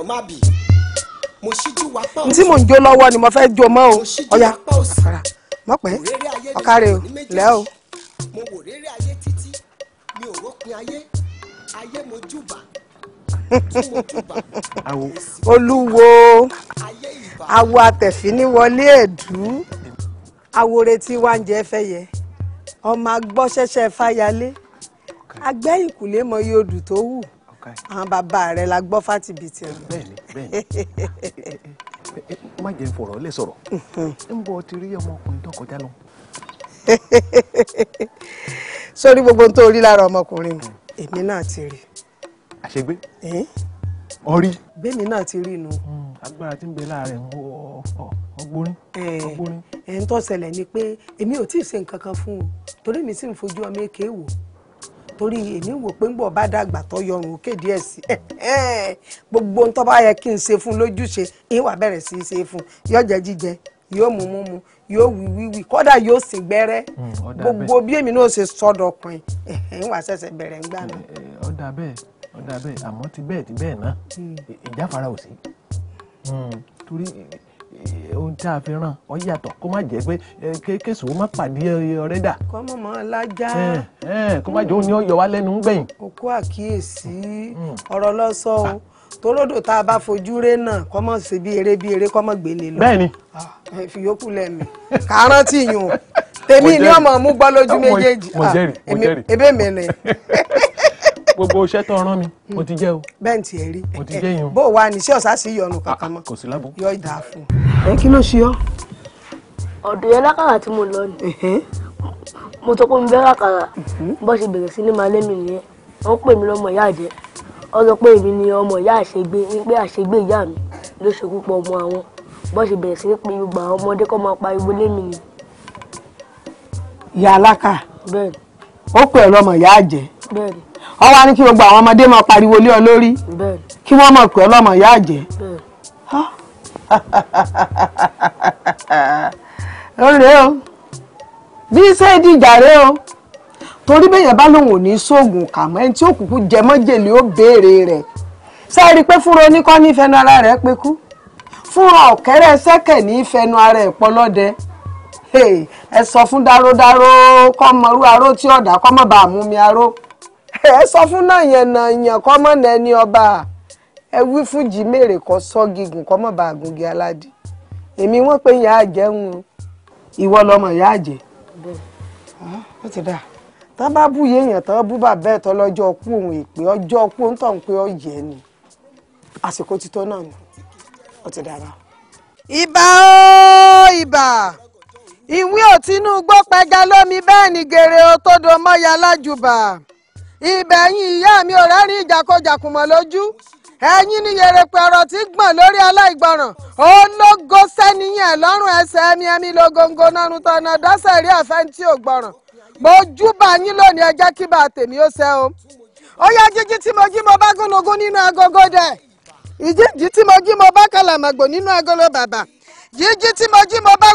má bì mo ṣíjú wa pa òsì. ntí mò ń jó lọ́wọ́ ni mo fẹ́ jó mọ́ o ọ̀ya àkàrà mọ̀ pé ọ̀kárẹ̀ o lẹ́ o. mo wò rere ayé títí mi ò rópin ayé ayé mo júbà (laughs) olúwo awo àtẹ̀fíníwọlé ẹ̀dú awore tí wá ń jẹ́ ọmọ agbọ́ṣẹ́ṣẹ́ fáyalé agbẹ́yìnkùlé mọ iye odù tó wù ká ẹ. àwọn bàbá rẹ la gbọ́ fátìbìtì ẹ. bẹ́ẹ̀ni bẹ́ẹ̀ni má jẹ́ fọ̀rọ̀ lẹ sọ̀rọ̀ ń (laughs) bọ̀ ti rí ọmọkùnrin tó kọjá lọ. (laughs) sórí gbogbo ohun tó rí lára ọmọkùnrin hmm. èmi náà ti rí. àṣegbé ọrí. bẹ́ẹ̀ni náà ti rí inú. Hmm, agbára tí ń bẹ láàrin ọgbórin. ọgbórin. ẹ̀ ń tó ṣẹlẹ̀ ni pé èmi ò tí ì ṣe nǹkan kan fún un torí mi sì ń fojú ọmọ èké wò torí èmi wò pé ń bọ̀ bá dàgbà tó yọrùn òkè díẹ̀ sí gbogbo ohun tó yẹ kí n ṣe fún lójúṣe ìwà bẹ̀rẹ̀ sí í ṣe fún yóò jẹ jíjẹ yóò mú mú mu yóò wí wíwí kódà yóò sì gbẹ́rẹ́ mm, gbogbo bí èmi náà ṣe sọ́dọ̀ pin ṣẹ̀ṣẹ̀ bẹ̀rẹ̀ ń gbà mí. ọ̀dà eh, eh, bẹ́ẹ̀ ọ̀dà bẹ́ẹ̀ àmọ́ ti bẹ́ẹ̀ ti bẹ́ẹ̀ hmm. ìjáfara ò sí hmm, torí ohun tí a fi ràn ọ yàtọ̀ kó má jẹ́ pé kéṣòwò má pàdé ọ̀rẹ́ dà. kọ́ mọ̀ mọ́ lájà. kó má jẹ́ òun ni ó yọ wá lẹ́nu ń gbẹ̀yìn. òkú àkíyèsí hmm. ọ̀rọ̀ lọ́sọ o tolódò tá a bá fojú ré náà kọ́ mọ̀ ṣe bí eré bí eré kọ́ mọ̀ gbélé lọ. bẹ́ẹ̀ni. Ah, fìyókù lẹ́mi kàrántì yùn (laughs) tèmi ni ọmọ mú gbọ́ lójú méjèèjì. mo ah, mi ni. (laughs) gbogbo iṣẹ́ tó rán mi mo ti jẹ́ o. Hmm. bẹ́ẹ̀ ti ẹ̀ rí mo ti jẹ́ yẹn o. bó o wà ní iṣẹ́ ọ̀sá sí ìyọnu ah, kankan mọ́ kò sí lábọ̀. yọ ìdá fún un. ẹ kí ló ṣe ọ. ọ̀dọ̀ yẹn lákàrà tí mo lọ ni mo tó kó mi bẹ́ẹ̀ lákàrà bó ṣe bẹ̀rẹ̀ sí ní máa lé mi nìyẹn wọ́n pè mí lọ́mọ ìyá àjẹ́ ọ sọ pé èmi ni ọmọ ìyá àṣegbé wípé àṣegbé ìyá mi ló ṣekú pa ọmọ àwọn bó ṣe bẹ̀rẹ̀ sí pé gbà ọmọdé kọ́ máa pariwo lémi ni. ìyá alákà bẹ́ẹ̀ ó pè ọ lọ́mọ ìyá àjẹ́ bẹ́ẹ̀ wọ́n ní kí gbogbo àwọn ọmọdé ma pariwo lé olori kí wọ́n mọ̀ pé ọlọ́mọ ìyá rèé o bí iṣẹ́ ìdíjà rèé o torí bẹ́yẹn bá lòun ní sóògùn kàmọ́ tí ó kúkú jẹ mọ́jèlé ó pé oníkọ́ ní ara rẹ̀ ní ara ẹ sọ fún náà yẹn náà yẹn kọ́ mọ́ náà ẹni ọba ẹ wí fún jìmèrè kọ́ sọ́ gígùn kọ́ mọ́ bá agungi aládìí èmi wọ́n pé ìyá àjẹun ìwọ lọmọ ìyá àjẹ ó ti dáa tán bá bú yéèyàn tán bú bàbá ẹ̀ tán lọ́jọ́ ọkú òun ìpè ọjọ́ ọkú òun tàn pé ọ̀yẹ́ ni àsìkò ti tó náà ni ó ti dára. ìbà ó ìbà ìwé òtínú gbọ́ pẹja lómi bẹ́ẹ̀ ni gèrè ó tó do mọ́ya lájùbà. ìbẹ̀yìn ìyá mi ò rẹ́rìn ìjàkọjàkùn lójú ẹ̀yin ni yèrèpẹ̀ ọ̀rọ̀ tí gbọ̀n lórí aláìgbọràn ológo sẹ́niyàn lọ́rùn ẹsẹ̀ ẹ̀mí ẹ̀mí lógóńgó nọ́run tọ́nà dọ́sẹ̀ rí ọ̀fẹ́ tí ò gbọ̀ràn mo júbà yín lónìí ẹ kí bá tèmi ó o ó yá jíjí tí mo jí mo bá nínú agogo ìjíjí tí mo jí mo bá nínú agolo bàbà jíjí tí mo jí mo bá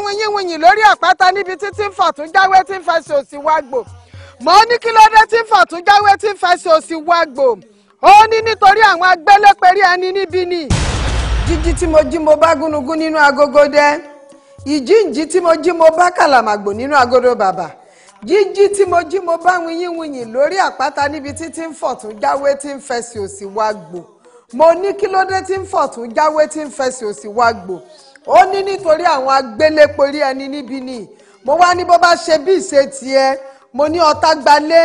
lórí àpáta níbi títí ń jáwé mo ní kí ló dé tí fọ̀tún jáwé tí fẹsẹ̀ òsì wágbò ó ní nítorí àwọn agbélépẹ̀rí ẹni níbí ni. jíjí tí mo jí mo bá gúnugún nínú agogo dẹ ìjíǹjí tí mo jí mo bá kàlàmàgbò nínú agodo bàbà jíjí tí mo jí mo bá winyín winyìn lórí àpáta níbi tí tí ń fọ̀tún jáwé tí ń fẹsẹ̀ òsì wágbò mo ní kí ló dé tí ń fọ̀tún jáwé tí ń fẹsẹ̀ òsì wágbò ó ní nítorí àwọn agbélépẹ̀rí ẹni níbí ni mo wá ní bó bá ṣe bí ìṣe tiẹ̀ mo ní ọ̀tá gbalé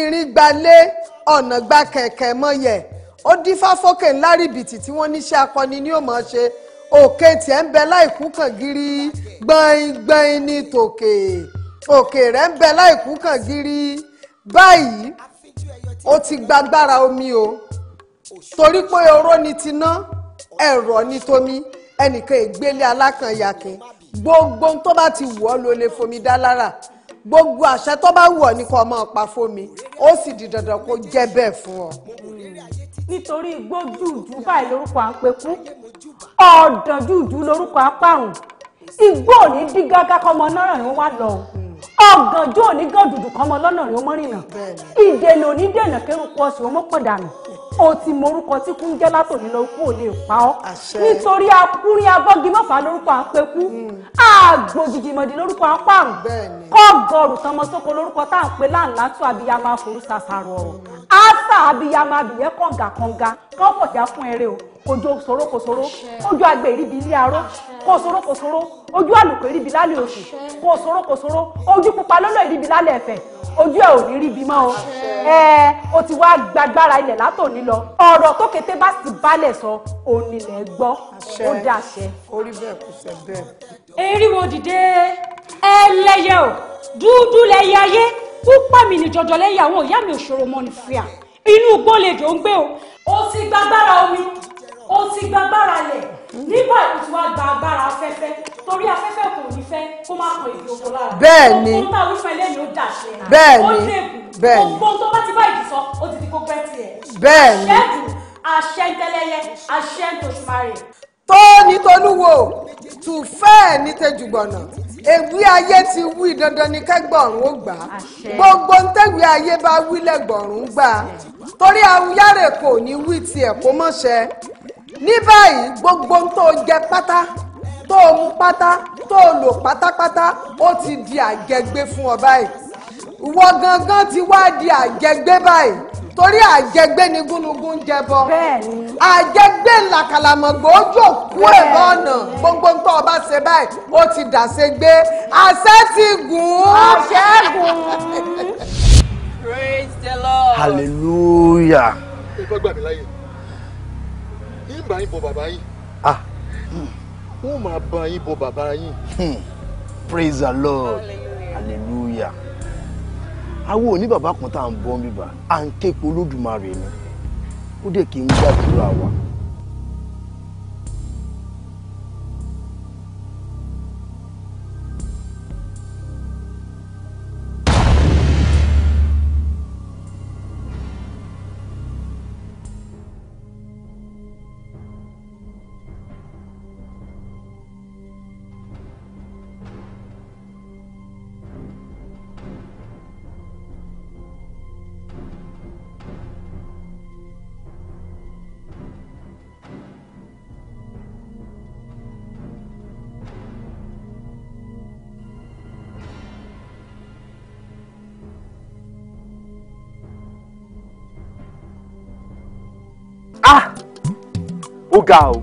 irin gbalé ọ̀nà gba kẹ̀kẹ́ mọ̀yẹ̀ ó dífá fókè ńlá rìbìtì tí wọ́n níṣẹ́ akọni ní òmò ṣe òkè tiẹ̀ ń bẹ láìkú kàn gírí gbọ̀n gbọ̀n ní tòkè òkè rẹ̀ ń bẹ láìkú kàn gírí báyìí ó ti gbàgbára omi o torí pé oró ni ti ná ẹ̀rọ ni tomi ẹnìkan ìgbélé alákànyàkín gbogbo tó bá ti wù ló lè fomi dá lára gbogbo àṣẹ tó bá wù ọ́ ní kó máa pa fún mi ó sì di dandan kó jẹ́ bẹ́ẹ̀ fún ọ. nítorí igbó jùjú báyìí lórúkọ à ń pe kú ọ̀dàn jùjú lórúkọ à ń igbó ò ní dí gágá kọ́mọ náírà ni wọ́n wá lọ ọ̀gànjọ́ òní gan dùdù kan mọ lọ́nà rẹ̀ ó mọ́ rìnà ìdènà òní dènà kérúkú ọ̀sùn ó mọ́ pọ̀ dànù o ti morúkọ tí kú ń jẹ́ látòní lọ kú ò lè pa ọ́ nítorí akúrin abọ́gimọ́fà lórúkọ àpẹ́kú hmm. àgbòjìjìmọ̀dì lórúkọ apáàrùn kọ́gọ́rù tọmọsóko lórúkọ tá à ń pe láǹlá tó abiyamọ aforúsàsàrò ọ̀rọ̀ ásà abiyamọ abìyẹ́ kọ̀ǹgàkọ̀ǹgà kọ́pọ̀ ojú sọ̀rọ̀ kò sọ̀rọ̀ ojú àgbẹ̀ ìríbi ilé aró kò sọ̀rọ̀ kò sọ̀rọ̀ ojú àlùkò ìríbi lálẹ́ oṣù kò sọ̀rọ̀ kò sọ̀rọ̀ ojú pupa lọ́lọ́ ìríbi lálẹ́ ẹ̀fẹ̀ ojú ẹ̀ ò ní ríbi mọ́ o o ti wá gbàgbára ilẹ̀ látòní lọ ọ̀rọ̀ tó kété bá sì balẹ̀ sọ òní lẹ̀ gbọ́ ó dàṣẹ. orí bẹ́ẹ̀ kò sẹ́ bẹ́ẹ̀. erí wo dìde o dúdú lẹ́yẹ ayé púpọ̀ mi ní jọjọ lẹ́yẹ àwọn ìyá mi òṣòro mọ́ ní fìyà inú igbó lejò ń gbé o ó ti gbàgbára omi ó ti gba agbára lẹ̀ nígbà ìkùtù wa gba agbára afẹ́fẹ́ torí afẹ́fẹ́ kò ní fẹ́ kó má pọ̀ èdè oko lára. bẹ́ẹ̀ ni òkúta wífẹ́ lẹ́nu ó dàṣẹ. bẹ́ẹ̀ ni bẹ́ẹ̀ ni gbogbo tó bá ti bá ìdí sọ ti di kó pẹ́ tiẹ̀. bẹ́ẹ̀ ni àṣẹ ntẹlẹyẹ àṣẹ ntòṣùmarè. tó tolúwo tù fẹ́ẹ̀ ní tẹjúgbọ̀nà ewì ayé ti wí dandan ni kẹgbọ̀rún ó gbà gbogbo ntẹ̀wé ayé bá wí lẹ́gbọ̀rún gbà torí awuyárè kò ní wí tiẹ̀ kó mọ̀ṣẹ́ ní báyìí gbogbo tó jẹ pátá tó mu pátá tó lò pátápátá ó ti di àjẹgbé fún ọ báyìí ìwọ gangan ti wá di àjẹgbé báyìí torí àjẹgbé ni gúnugún jẹ bọ àjẹgbé làkàlàmọ̀gbò ojú òkú ẹ̀rọ ọ̀nà gbogbo nǹkan ọba ṣe báyìí ó ti dàṣe gbé àṣẹ ti gùn ún. àṣẹ gùn ún. praise the lord. hallelujah. ẹ kọ́ láyè gbà yín bọ bàbá yín ah. hmm. wọn máa bá yín bọ bàbá yín. Hmm. praise the lord hallelujah àwọn òní bàbá kan tá à ń bọ́ bíbá à ń képe olódùmarè ni ó dẹ̀ kí n gbàdúrà wa. ga o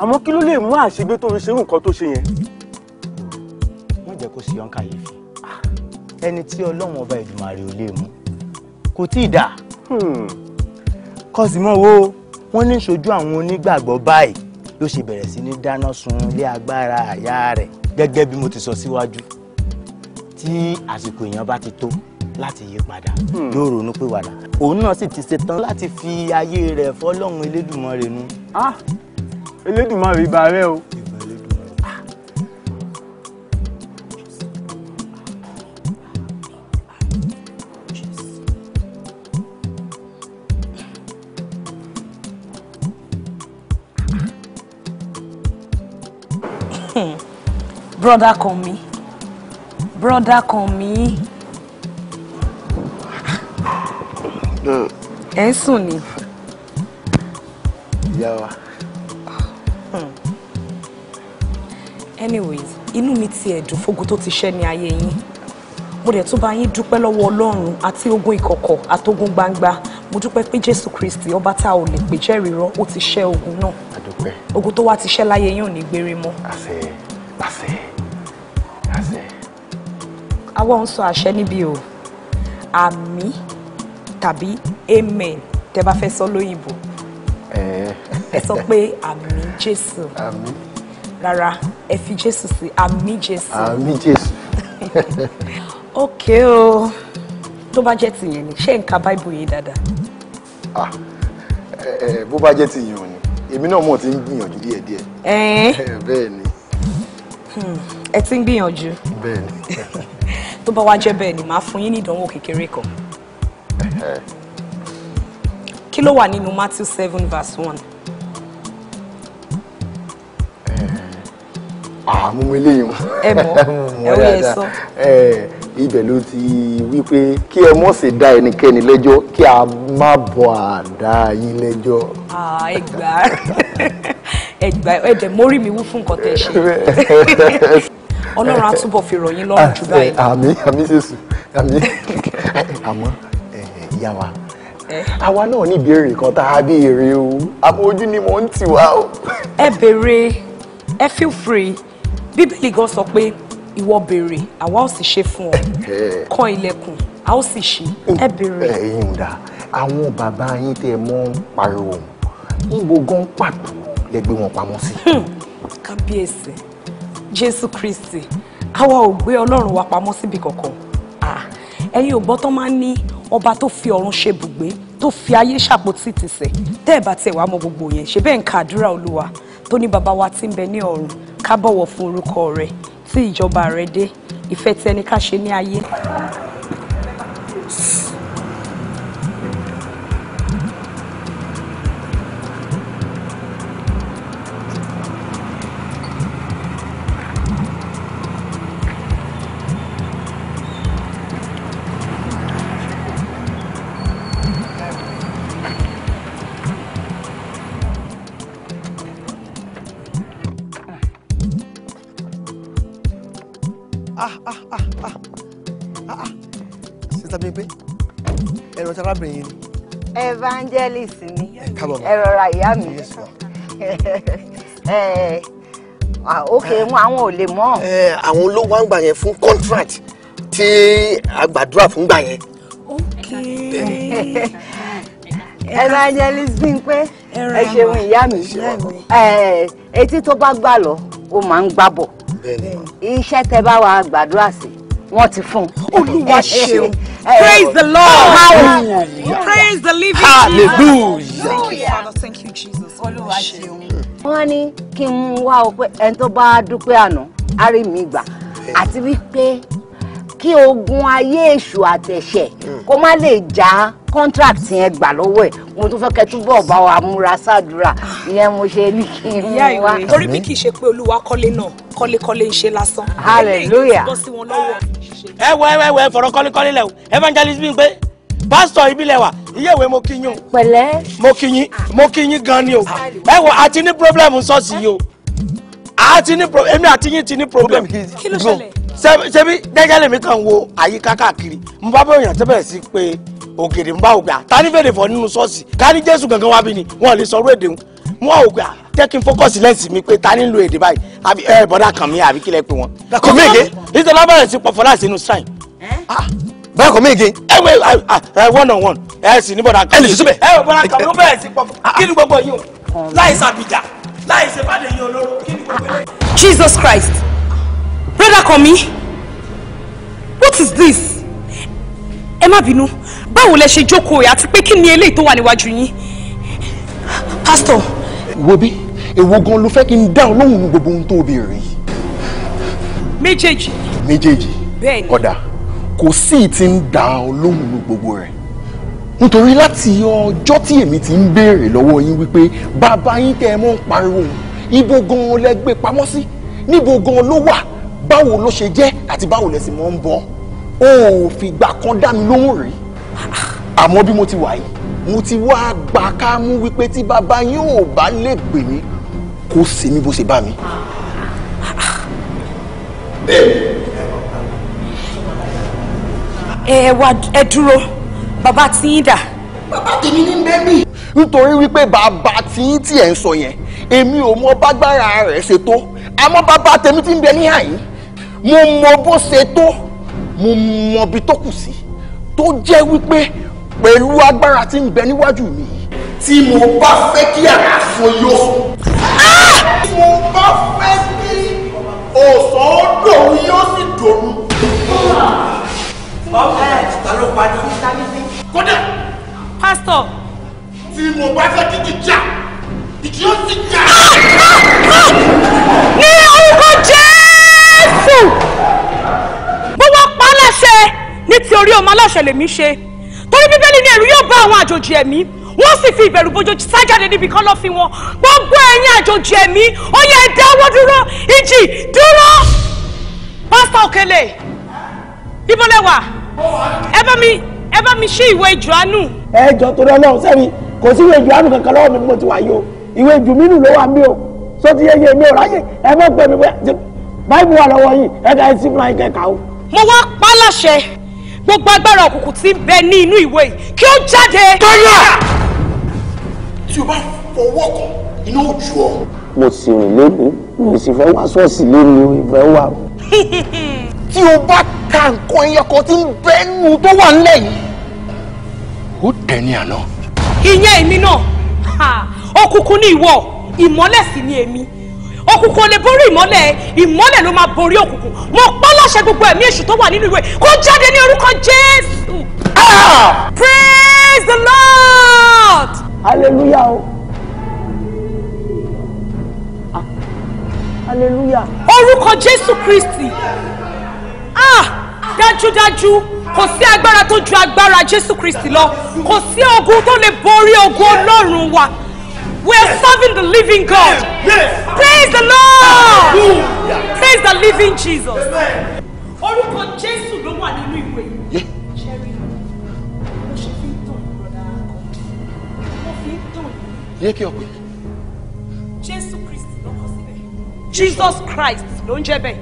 àmọ́ kí ló lè mú àṣegbé tó fi ṣerú nǹkan tó ṣe yẹn. má jẹ́ kó ṣe ọ̀nkà yìí fi ẹni tí ọlọ́run ọba ìdùmarè ò lè mú kò tí ì dà hmm. kọ́sìmọ́ wo wọ́n ní ṣojú àwọn onígbàgbọ́ báyìí ló ṣe bẹ̀rẹ̀ sí ní dáná sun ilé agbára àyà rẹ̀ gẹ́gẹ́ bí mo ti sọ síwájú tí àsìkò èèyàn bá ti tó láti yí padà hmm. yóò ronú pé wàdà òun náà sì ti ṣetán láti fi ayé rẹ̀ fọlọ́run elédùnmọ́ rẹ̀ nu. Ah, Elédùmarè ìbà rẹ o. Hmm. brother call me. brother call me. Hmm. ẹ ń sùn ni ìyá hmm. anyways inú mi ti ẹ̀dùn fógun tó ti ṣẹ́ ní ayé yín mo dẹ̀ tún bá yín dúpẹ́ lọ́wọ́ ọlọ́run àti ogun ìkọ̀kọ̀ àtogun gbangba mo dúpẹ́ pé jésù kristi ọba tá a ò lè pè jẹ́rìí rọ́ ó ti ṣẹ́ ogun náà ogun tó wá ti ṣẹ́ láyé yín ò ní gbére mọ́. àṣẹ àṣẹ àṣẹ. àwa ń sọ àṣẹ níbí o àmì tàbí amen tẹ bá fẹ́ sọ lóyìnbó ẹ sọ pé àmì jésù rárá ẹ fi jésù sí àmì jésù. àmì jésù. (laughs) ok o tó bá jẹ́ tìyẹn ni ṣé n ka báìbù yìí dáadáa. ah ẹ ẹ bó bá jẹ́ tìyẹn ò ní èmi náà mọ̀ ti ń gbìyànjú díẹ̀díẹ̀. ẹ̀ẹ́n (laughs) bẹ́ẹ̀ ni. Hmm, ẹ ti ń gbìyànjú. bẹ́ẹ̀ ni. (laughs) tó bá wá jẹ́ bẹ́ẹ̀ ni màá fún yín ní ìdánwò kékeré kan. kí ló wà nínú Matthew seven verse one. àmú mi léyìn. ẹ mọ (laughs) ẹ wí ẹ sọ. ibẹ̀ ló ti wí pé kí ẹ mọ̀ sí dá ẹnikẹ́ni lẹ́jọ́ kí a má bọ̀ àdá yín lẹ́jọ́. ẹ gbà ẹ gbà ẹ jẹ mórí mi wú fún nǹkan tẹ ṣe (laughs) ọlọ́run á túbọ̀ fi rọ̀ yín lọ́rùn jù báyìí. Ah, eh, àmín àmín jésù àmín (laughs) àmọ́ ìyá wa eh? àwa náà ní ìbéèrè kan tá a béèrè o àmọ́ ojú ni mò ń tì wá o. ẹ béèrè ẹ feel free bíbélì gan sọ pé ìwọ béèrè àwa ó sì ṣe fún ọ (laughs) kàn ilẹ̀kùn a ó sì ṣí oh, ẹ béèrè. ẹ̀yin eh, eh, ọ̀dà àwọn bàbá yín tẹ ẹ mọ́ ń pariwo níbo gan pàtó lẹ gbé wọn pamọ́ sí. Hmm, kábíyèsí jésù kristi àwa ò gbé ọlọ́run wa pamọ́ síbi kankan ẹ̀yin ò gbọ́ tán máa ń ní ọba tó fi ọ̀run ṣe bùgbé tó fi ayé ṣàpótí tìsẹ̀ tẹ́ ẹ̀ bá tiẹ̀ wá mọ gbogbo yẹn ṣe bẹ́ẹ̀ ń ka àdúrà olúwa tó ní bàbá wa tí ń bẹ ní ọ̀run ká bọ̀wọ̀ fún orúkọ rẹ̀ tí ìjọba rẹ̀ dé ìfẹ́ tẹni ká ṣe ní ayé. arábìnrin. evangelist ni ẹ rọra ìyá mi (laughs) ok wọn àwọn ò lè mọ. àwọn olówó àgbà yẹn fún contract tí àgbàdúrà fún gbà yẹn. ok (laughs) evangelist ni pé ẹ ṣeun ìyá mi etí tó bá gbà lọ ó máa ń gbà bọ̀ iṣẹ́ tẹ bá wa gbàdúrà sí wọ́n ti fún un. olúwa (laughs) ṣeun Praise the Lord. Hallelujah. Praise the living Hallelujah. Thank you, Father. Thank you, Jesus. Oh Lord, I see you. n wá ọ pé ẹni tó bá dúpẹ́ àná, á rí kí ogun ayé èṣù àtẹ̀ṣẹ̀ hmm. kó má lè já contract yẹn gbà lọ́wọ́ ẹ̀ mo tún fẹ́ kẹ́ túbọ̀ bá wa múra ṣàdúrà ìyẹn mo ṣe ní kí n mú wa. torí bí kì í ṣe pé olúwa kọ́lé náà kọ́lékọ́lé ń ṣe lásán. hallelujah. ẹ wọ ẹ wọ ẹ fọ̀rọ̀ kọ́lékọ́lé lẹ̀ o evangelist bí n pé pásítọ̀ ìbílẹ̀ wa iye ìwé mo kí yín o. pẹ̀lẹ́. mo kí mo kí gan ni o. ẹ wọ àti ní problem ṣọ́ọ̀ṣì yìí o àti ní problem èmi àti yín ti ní problem. kí ló ṣẹlẹ̀ ṣebí gẹ́gẹ́ lèmi kàn wo àyíká káàkiri mo bá bẹ̀rẹ̀ yàn tẹ́bẹ̀ sí pé ògèdè ń bá ògbà ta ní fèrè fọ nínú ṣọ́ọ̀ṣì ká ní jésù gangan wá bí ni wọn lè sọ ọ̀rọ̀ èdè mú ògbà jẹ́ kí n fọ́kọ̀sì lẹ́sìn mi pé ta ní lo èdè báyìí ẹ bọ́dà kàn mí àbí kílẹ̀ pé wọn. kò méje. nítorí wọn bẹ̀rẹ̀ sí pọ̀fọ́ láti inú shrine. bẹ́ẹ̀ ah. kò méje. ẹ wẹ ah, ẹ one on one ẹ sì ní bọ́dà kàn ẹ lè sùn bẹ́ẹ̀. Ah. Jesus Christ brother Komi, what is this Emma má bínú báwo lẹ ṣe jókòó rẹ̀ àti pé kí ni eléyìí tó wà níwájú yín pastor. wo bí èwo gan ló fẹ́ kí n dá ọ lóhùn ní gbogbo ohun tó béèrè yìí. méjèèjì. méjèèjì ọ̀dà kò sí ì ti ń dá ọ lóhùn ní gbogbo rẹ̀ nítorí láti ọjọ́ tí èmi ti ń béèrè lọ́wọ́ yín wípé bàbá yín tẹ́ ẹ mọ́ ń pariwo ibo gan lẹ gbé pamọ́ sí níbo gan ló wà báwo ló ṣe jẹ́ àti báwo lẹ sì mọ́ ń bọ́ o ò fìgbà kan dá mi lóhùn rí àmọ́ bí mo ti wà yìí mo ti wá gbà ká mú wípé tí bàbá yín ò bá lè gbè mí kó ṣe mí bó ṣe bá mi. ẹ dúró bàbá tí yín dà. bàbá tèmi ní bẹ́ẹ̀ni. nítorí wípé bàbá tí yín tí ń sọ yẹn èmi ò mọ bágbára rẹ̀ ṣe àmọ́ bàbá tèmi ti ń bẹ ní àyín mo mọ bó ṣe tó mo mọ bí tó kù sí tó jẹ́ wípé pẹ̀lú agbára tí ń bẹ níwájú mi tí mo bá fẹ́ kí ara fún yó. tí mo bá fẹ́ kí ọ̀sán ó dòun yóò sì dòun. ọ̀pẹ ta ló parí. kódà. pásítọ̀. tí mo bá fẹ́ kí ìjà ìjì ó sì jà. ní ah! ah! ah! you. gbogbo pa láṣẹ ní ti orí ọmọ aláṣẹ lèmi ṣe torí bíbélì ni ẹ̀rù yóò bá àwọn àjòjì ẹ̀mí wọ́n sì fi ìbẹ̀rù bójú sájáde níbi kan lọ́ọ́ fi wọn gbogbo ẹ̀yin àjòjì ẹ̀mí ó yẹ ẹ dáwọ́ dúró ìjì dúró. pásítọ̀ òkèlè ibo lẹ mi ẹ bá mi ṣí ìwé ìjọ́ánù. ẹ jọ torí Ọlọ́run sẹ́mi kò sí ìwé ìjọ́ánù kankan lọ́wọ́ mi mo ti wà yìí o ìwé ìjùmínú ló wà mí o sọ ti yẹ yẹ mi ò ráyè ẹ mọ̀ pé mi báyìí wà lọ́wọ́ yìí ẹ̀ka ẹ̀ sí fúnra ẹ̀kẹ́ kàó. mo wá pa láṣẹ gbogbo agbára òkùnkùn tí ń bẹ ní inú ìwé yìí kí ó jáde. tọ́lá tí o bá fọwọ́ kan iná ó ju ọ. mo sì rìn lónìí mo sì fẹ́ wá ṣọ́ọ̀ṣì lónìí o ìfẹ́ (laughs) wà. tí o bá ka nǹkan ẹyẹ tí ń bẹ nù tó wà ńlẹ̀ yìí. ó tẹ̀ ní àná. ìyẹn èmi náà òkùnkùn ni ìwọ ìmọ́lẹ̀ ni èmi òkùnkùn lè borí ìmọ́lẹ̀ ìmọ́lẹ̀ ló máa borí òkùnkùn mo pọ́ láṣẹ gbogbo ẹ̀mí èṣù tó wà nínú ìwé kó jáde ní orúkọ Jésù. Praise the Lord. hallelujah o. hallelujah. orúkọ Jésù Kristi ah dájúdájú kò sí agbára tó ju agbára Jésù Kristi lọ kò sí ogun tó lè borí ogun Ọlọ́run wa. We're yes. serving the living God. Yes. Praise the Lord. Hallelujah. Praise the living Jesus. Amen. Yes. Jésù ló wà nínú ìwé yìí. Ṣẹ́rí ló ṣe fi ń tàn ìrọ̀dá kan. Wọ́n fi ń tàn yìí. Yé kí ọkùnrin. Jésù Kristi ló kọ sílẹ̀. Jesus Christ ló ń jẹ́ bẹ́ẹ̀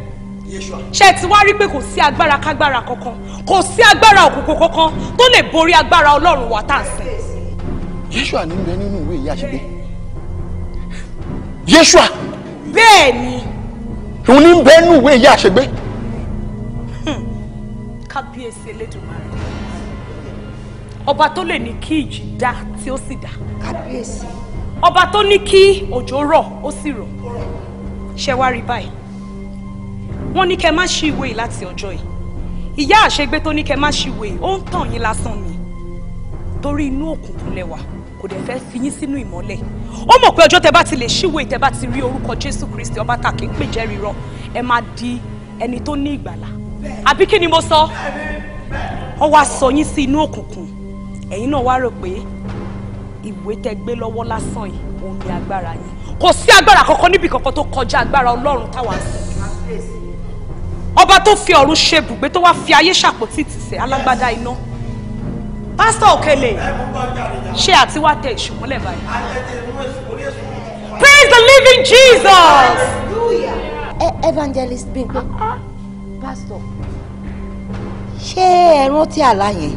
ṣe ti wá rí pé kò sí agbára kágbára kankan kò sí agbára òkùnkùn kankan tó lè borí agbára ọlọ́run wa tá à ń sìn. yíṣọ́ àní ń bẹ nínú ìwé ìyá àṣìgbé Yeshua. bẹ́ẹ̀ ni. òun ní bẹ́ẹ̀ nù ìwé ìyá àṣegbé. Hmm. kábíyèsí elédùnmarè ọba tó lè ní kí ìjì dá tí ó sì dá. kábíyèsí. ọba tó ní kí òjò rọ̀ ó sì rọ̀ ṣe wá rí báyìí wọ́n ní kẹ́ má ṣí ìwé yìí láti ọjọ́ yìí ìyá àṣegbé tó ní kẹ́ má ṣí ìwé yìí ó ń tàn yín lásán ni torí inú òkùnkùn lẹ kò dẹ̀ fẹ́ fi yín sínú ìmọ́lẹ̀ ó mọ̀ pé ọjọ́ tẹ bá ti lè ṣíwèé tẹ bá ti rí orúkọ jésù kristi ọba tàkì ń pè jẹ́rìí rọ ẹ máa di ẹni tó ní ìgbàlà àbí kí ni mo sọ ọ wá sọ yín sí inú òkùnkùn ẹ̀yin náà wá rò pé ìwé tẹ gbé lọ́wọ́ lásán yìí òun ni agbára yín kò sí agbára kankan níbi kankan tó kọjá agbára ọlọ́run táwa ń sìn ọba tó fi ọ̀run ṣe ibùgbé tó wá fi ayé ṣàpótí tìsẹ̀ alágbádá iná pásítọ̀ òkèlè ṣé àti wá tẹ ìṣùmọ́lẹ̀ báyìí. praise the living jesus. E, evangelist Bímpé ah, Pastor, ṣé ẹ rántí àlá yẹn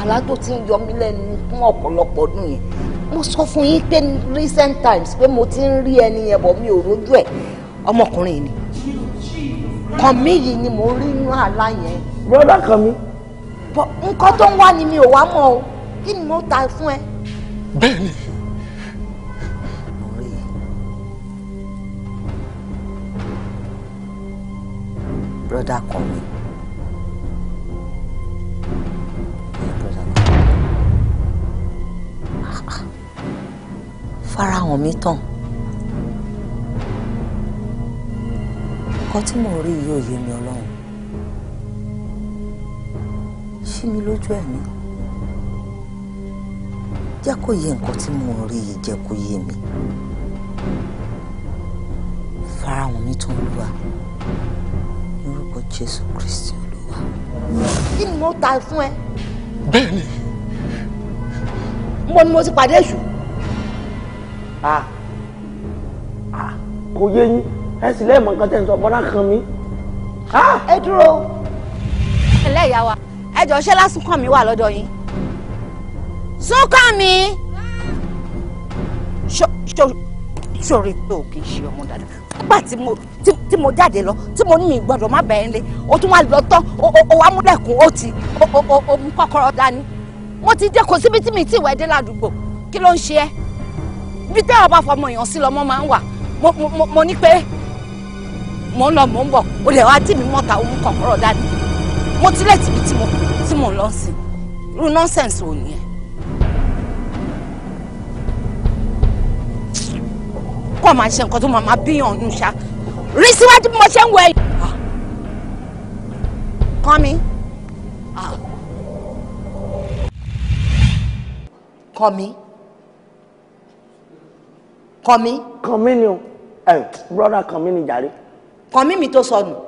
àlá tó ti ń yọ mí lẹ́nu fún ọ̀pọ̀lọpọ̀ ọdún yẹn mo sọ fún yín pé recent times pé mo ti ń rí ẹni yẹn bọ̀ mi ò rójú ẹ̀ ọmọkùnrin ni kàn mí yìí ni mo rí inú àlá yẹn. brother kàn mí bọ nǹkan tó ń wá ni mi ò wá mọ̀ o kí ni mo ta fún ẹ. bẹ́ẹ̀ni. broda kan mi. Ah, ah. farahàn mi tán nǹkan tí mò ń rí yìí ò yé mi ọlọ́run ṣí mi lójú ẹ̀ ni jẹ́ kó yẹ nǹkan tí mo rí yìí jẹ́ kó yé mi farahàn mi tó ń lu wa lórúkọ Jésù Kristi Olúwa. kí ni mo ta fún ẹ. bẹ́ẹ̀ni. mo ni mo ti pàdé èṣù. kò yé yín ẹ sì lẹ́ẹ̀mọ̀ nǹkan tẹ̀ ń sọ bọ́lá kan mi. ẹ dúró. ẹlẹ́yàá ẹ jọ ṣé lásùnkàn mi wà lọ́dọ̀ yín súnkàn mi sori pé o kì í ṣe ọmọ dáadáa nígbà tí mo jáde lọ tí mo ní mi gbọ́dọ̀ má bẹ̀ẹ́ lé o tún wá lọ tán o wá múlẹ̀kùn o ti o mú kọ́kọ́rọ́ dání mo ti dé kò síbi tí mi ti wẹ̀ dé ládùúgbò kí ló ń ṣe ẹ́ bí tẹ́ ọba fọmọ èèyàn sí lọ́mọ máa ń wà mo ní pé mo ń lọ mo ń bọ̀ o lè wá tì mí mọ́ta o mú kọ́kọ́rọ́ dání mo ti lẹ́ẹ̀tì bí tí mo lọ sí irú nọ́ńsẹ̀nsì ò nìyẹn. kọ́ máa ṣe nǹkan tó máa máa bíyàn ọ̀nù ṣá rí síwájú bí mo ṣe ń wẹ̀. Ah. Ah. kọ́ mi. kọ́ mi. kọ́ mi. kàn mí ni o ẹ brọ́dà kàn ni jàre. kàn mí mi tó sọnù.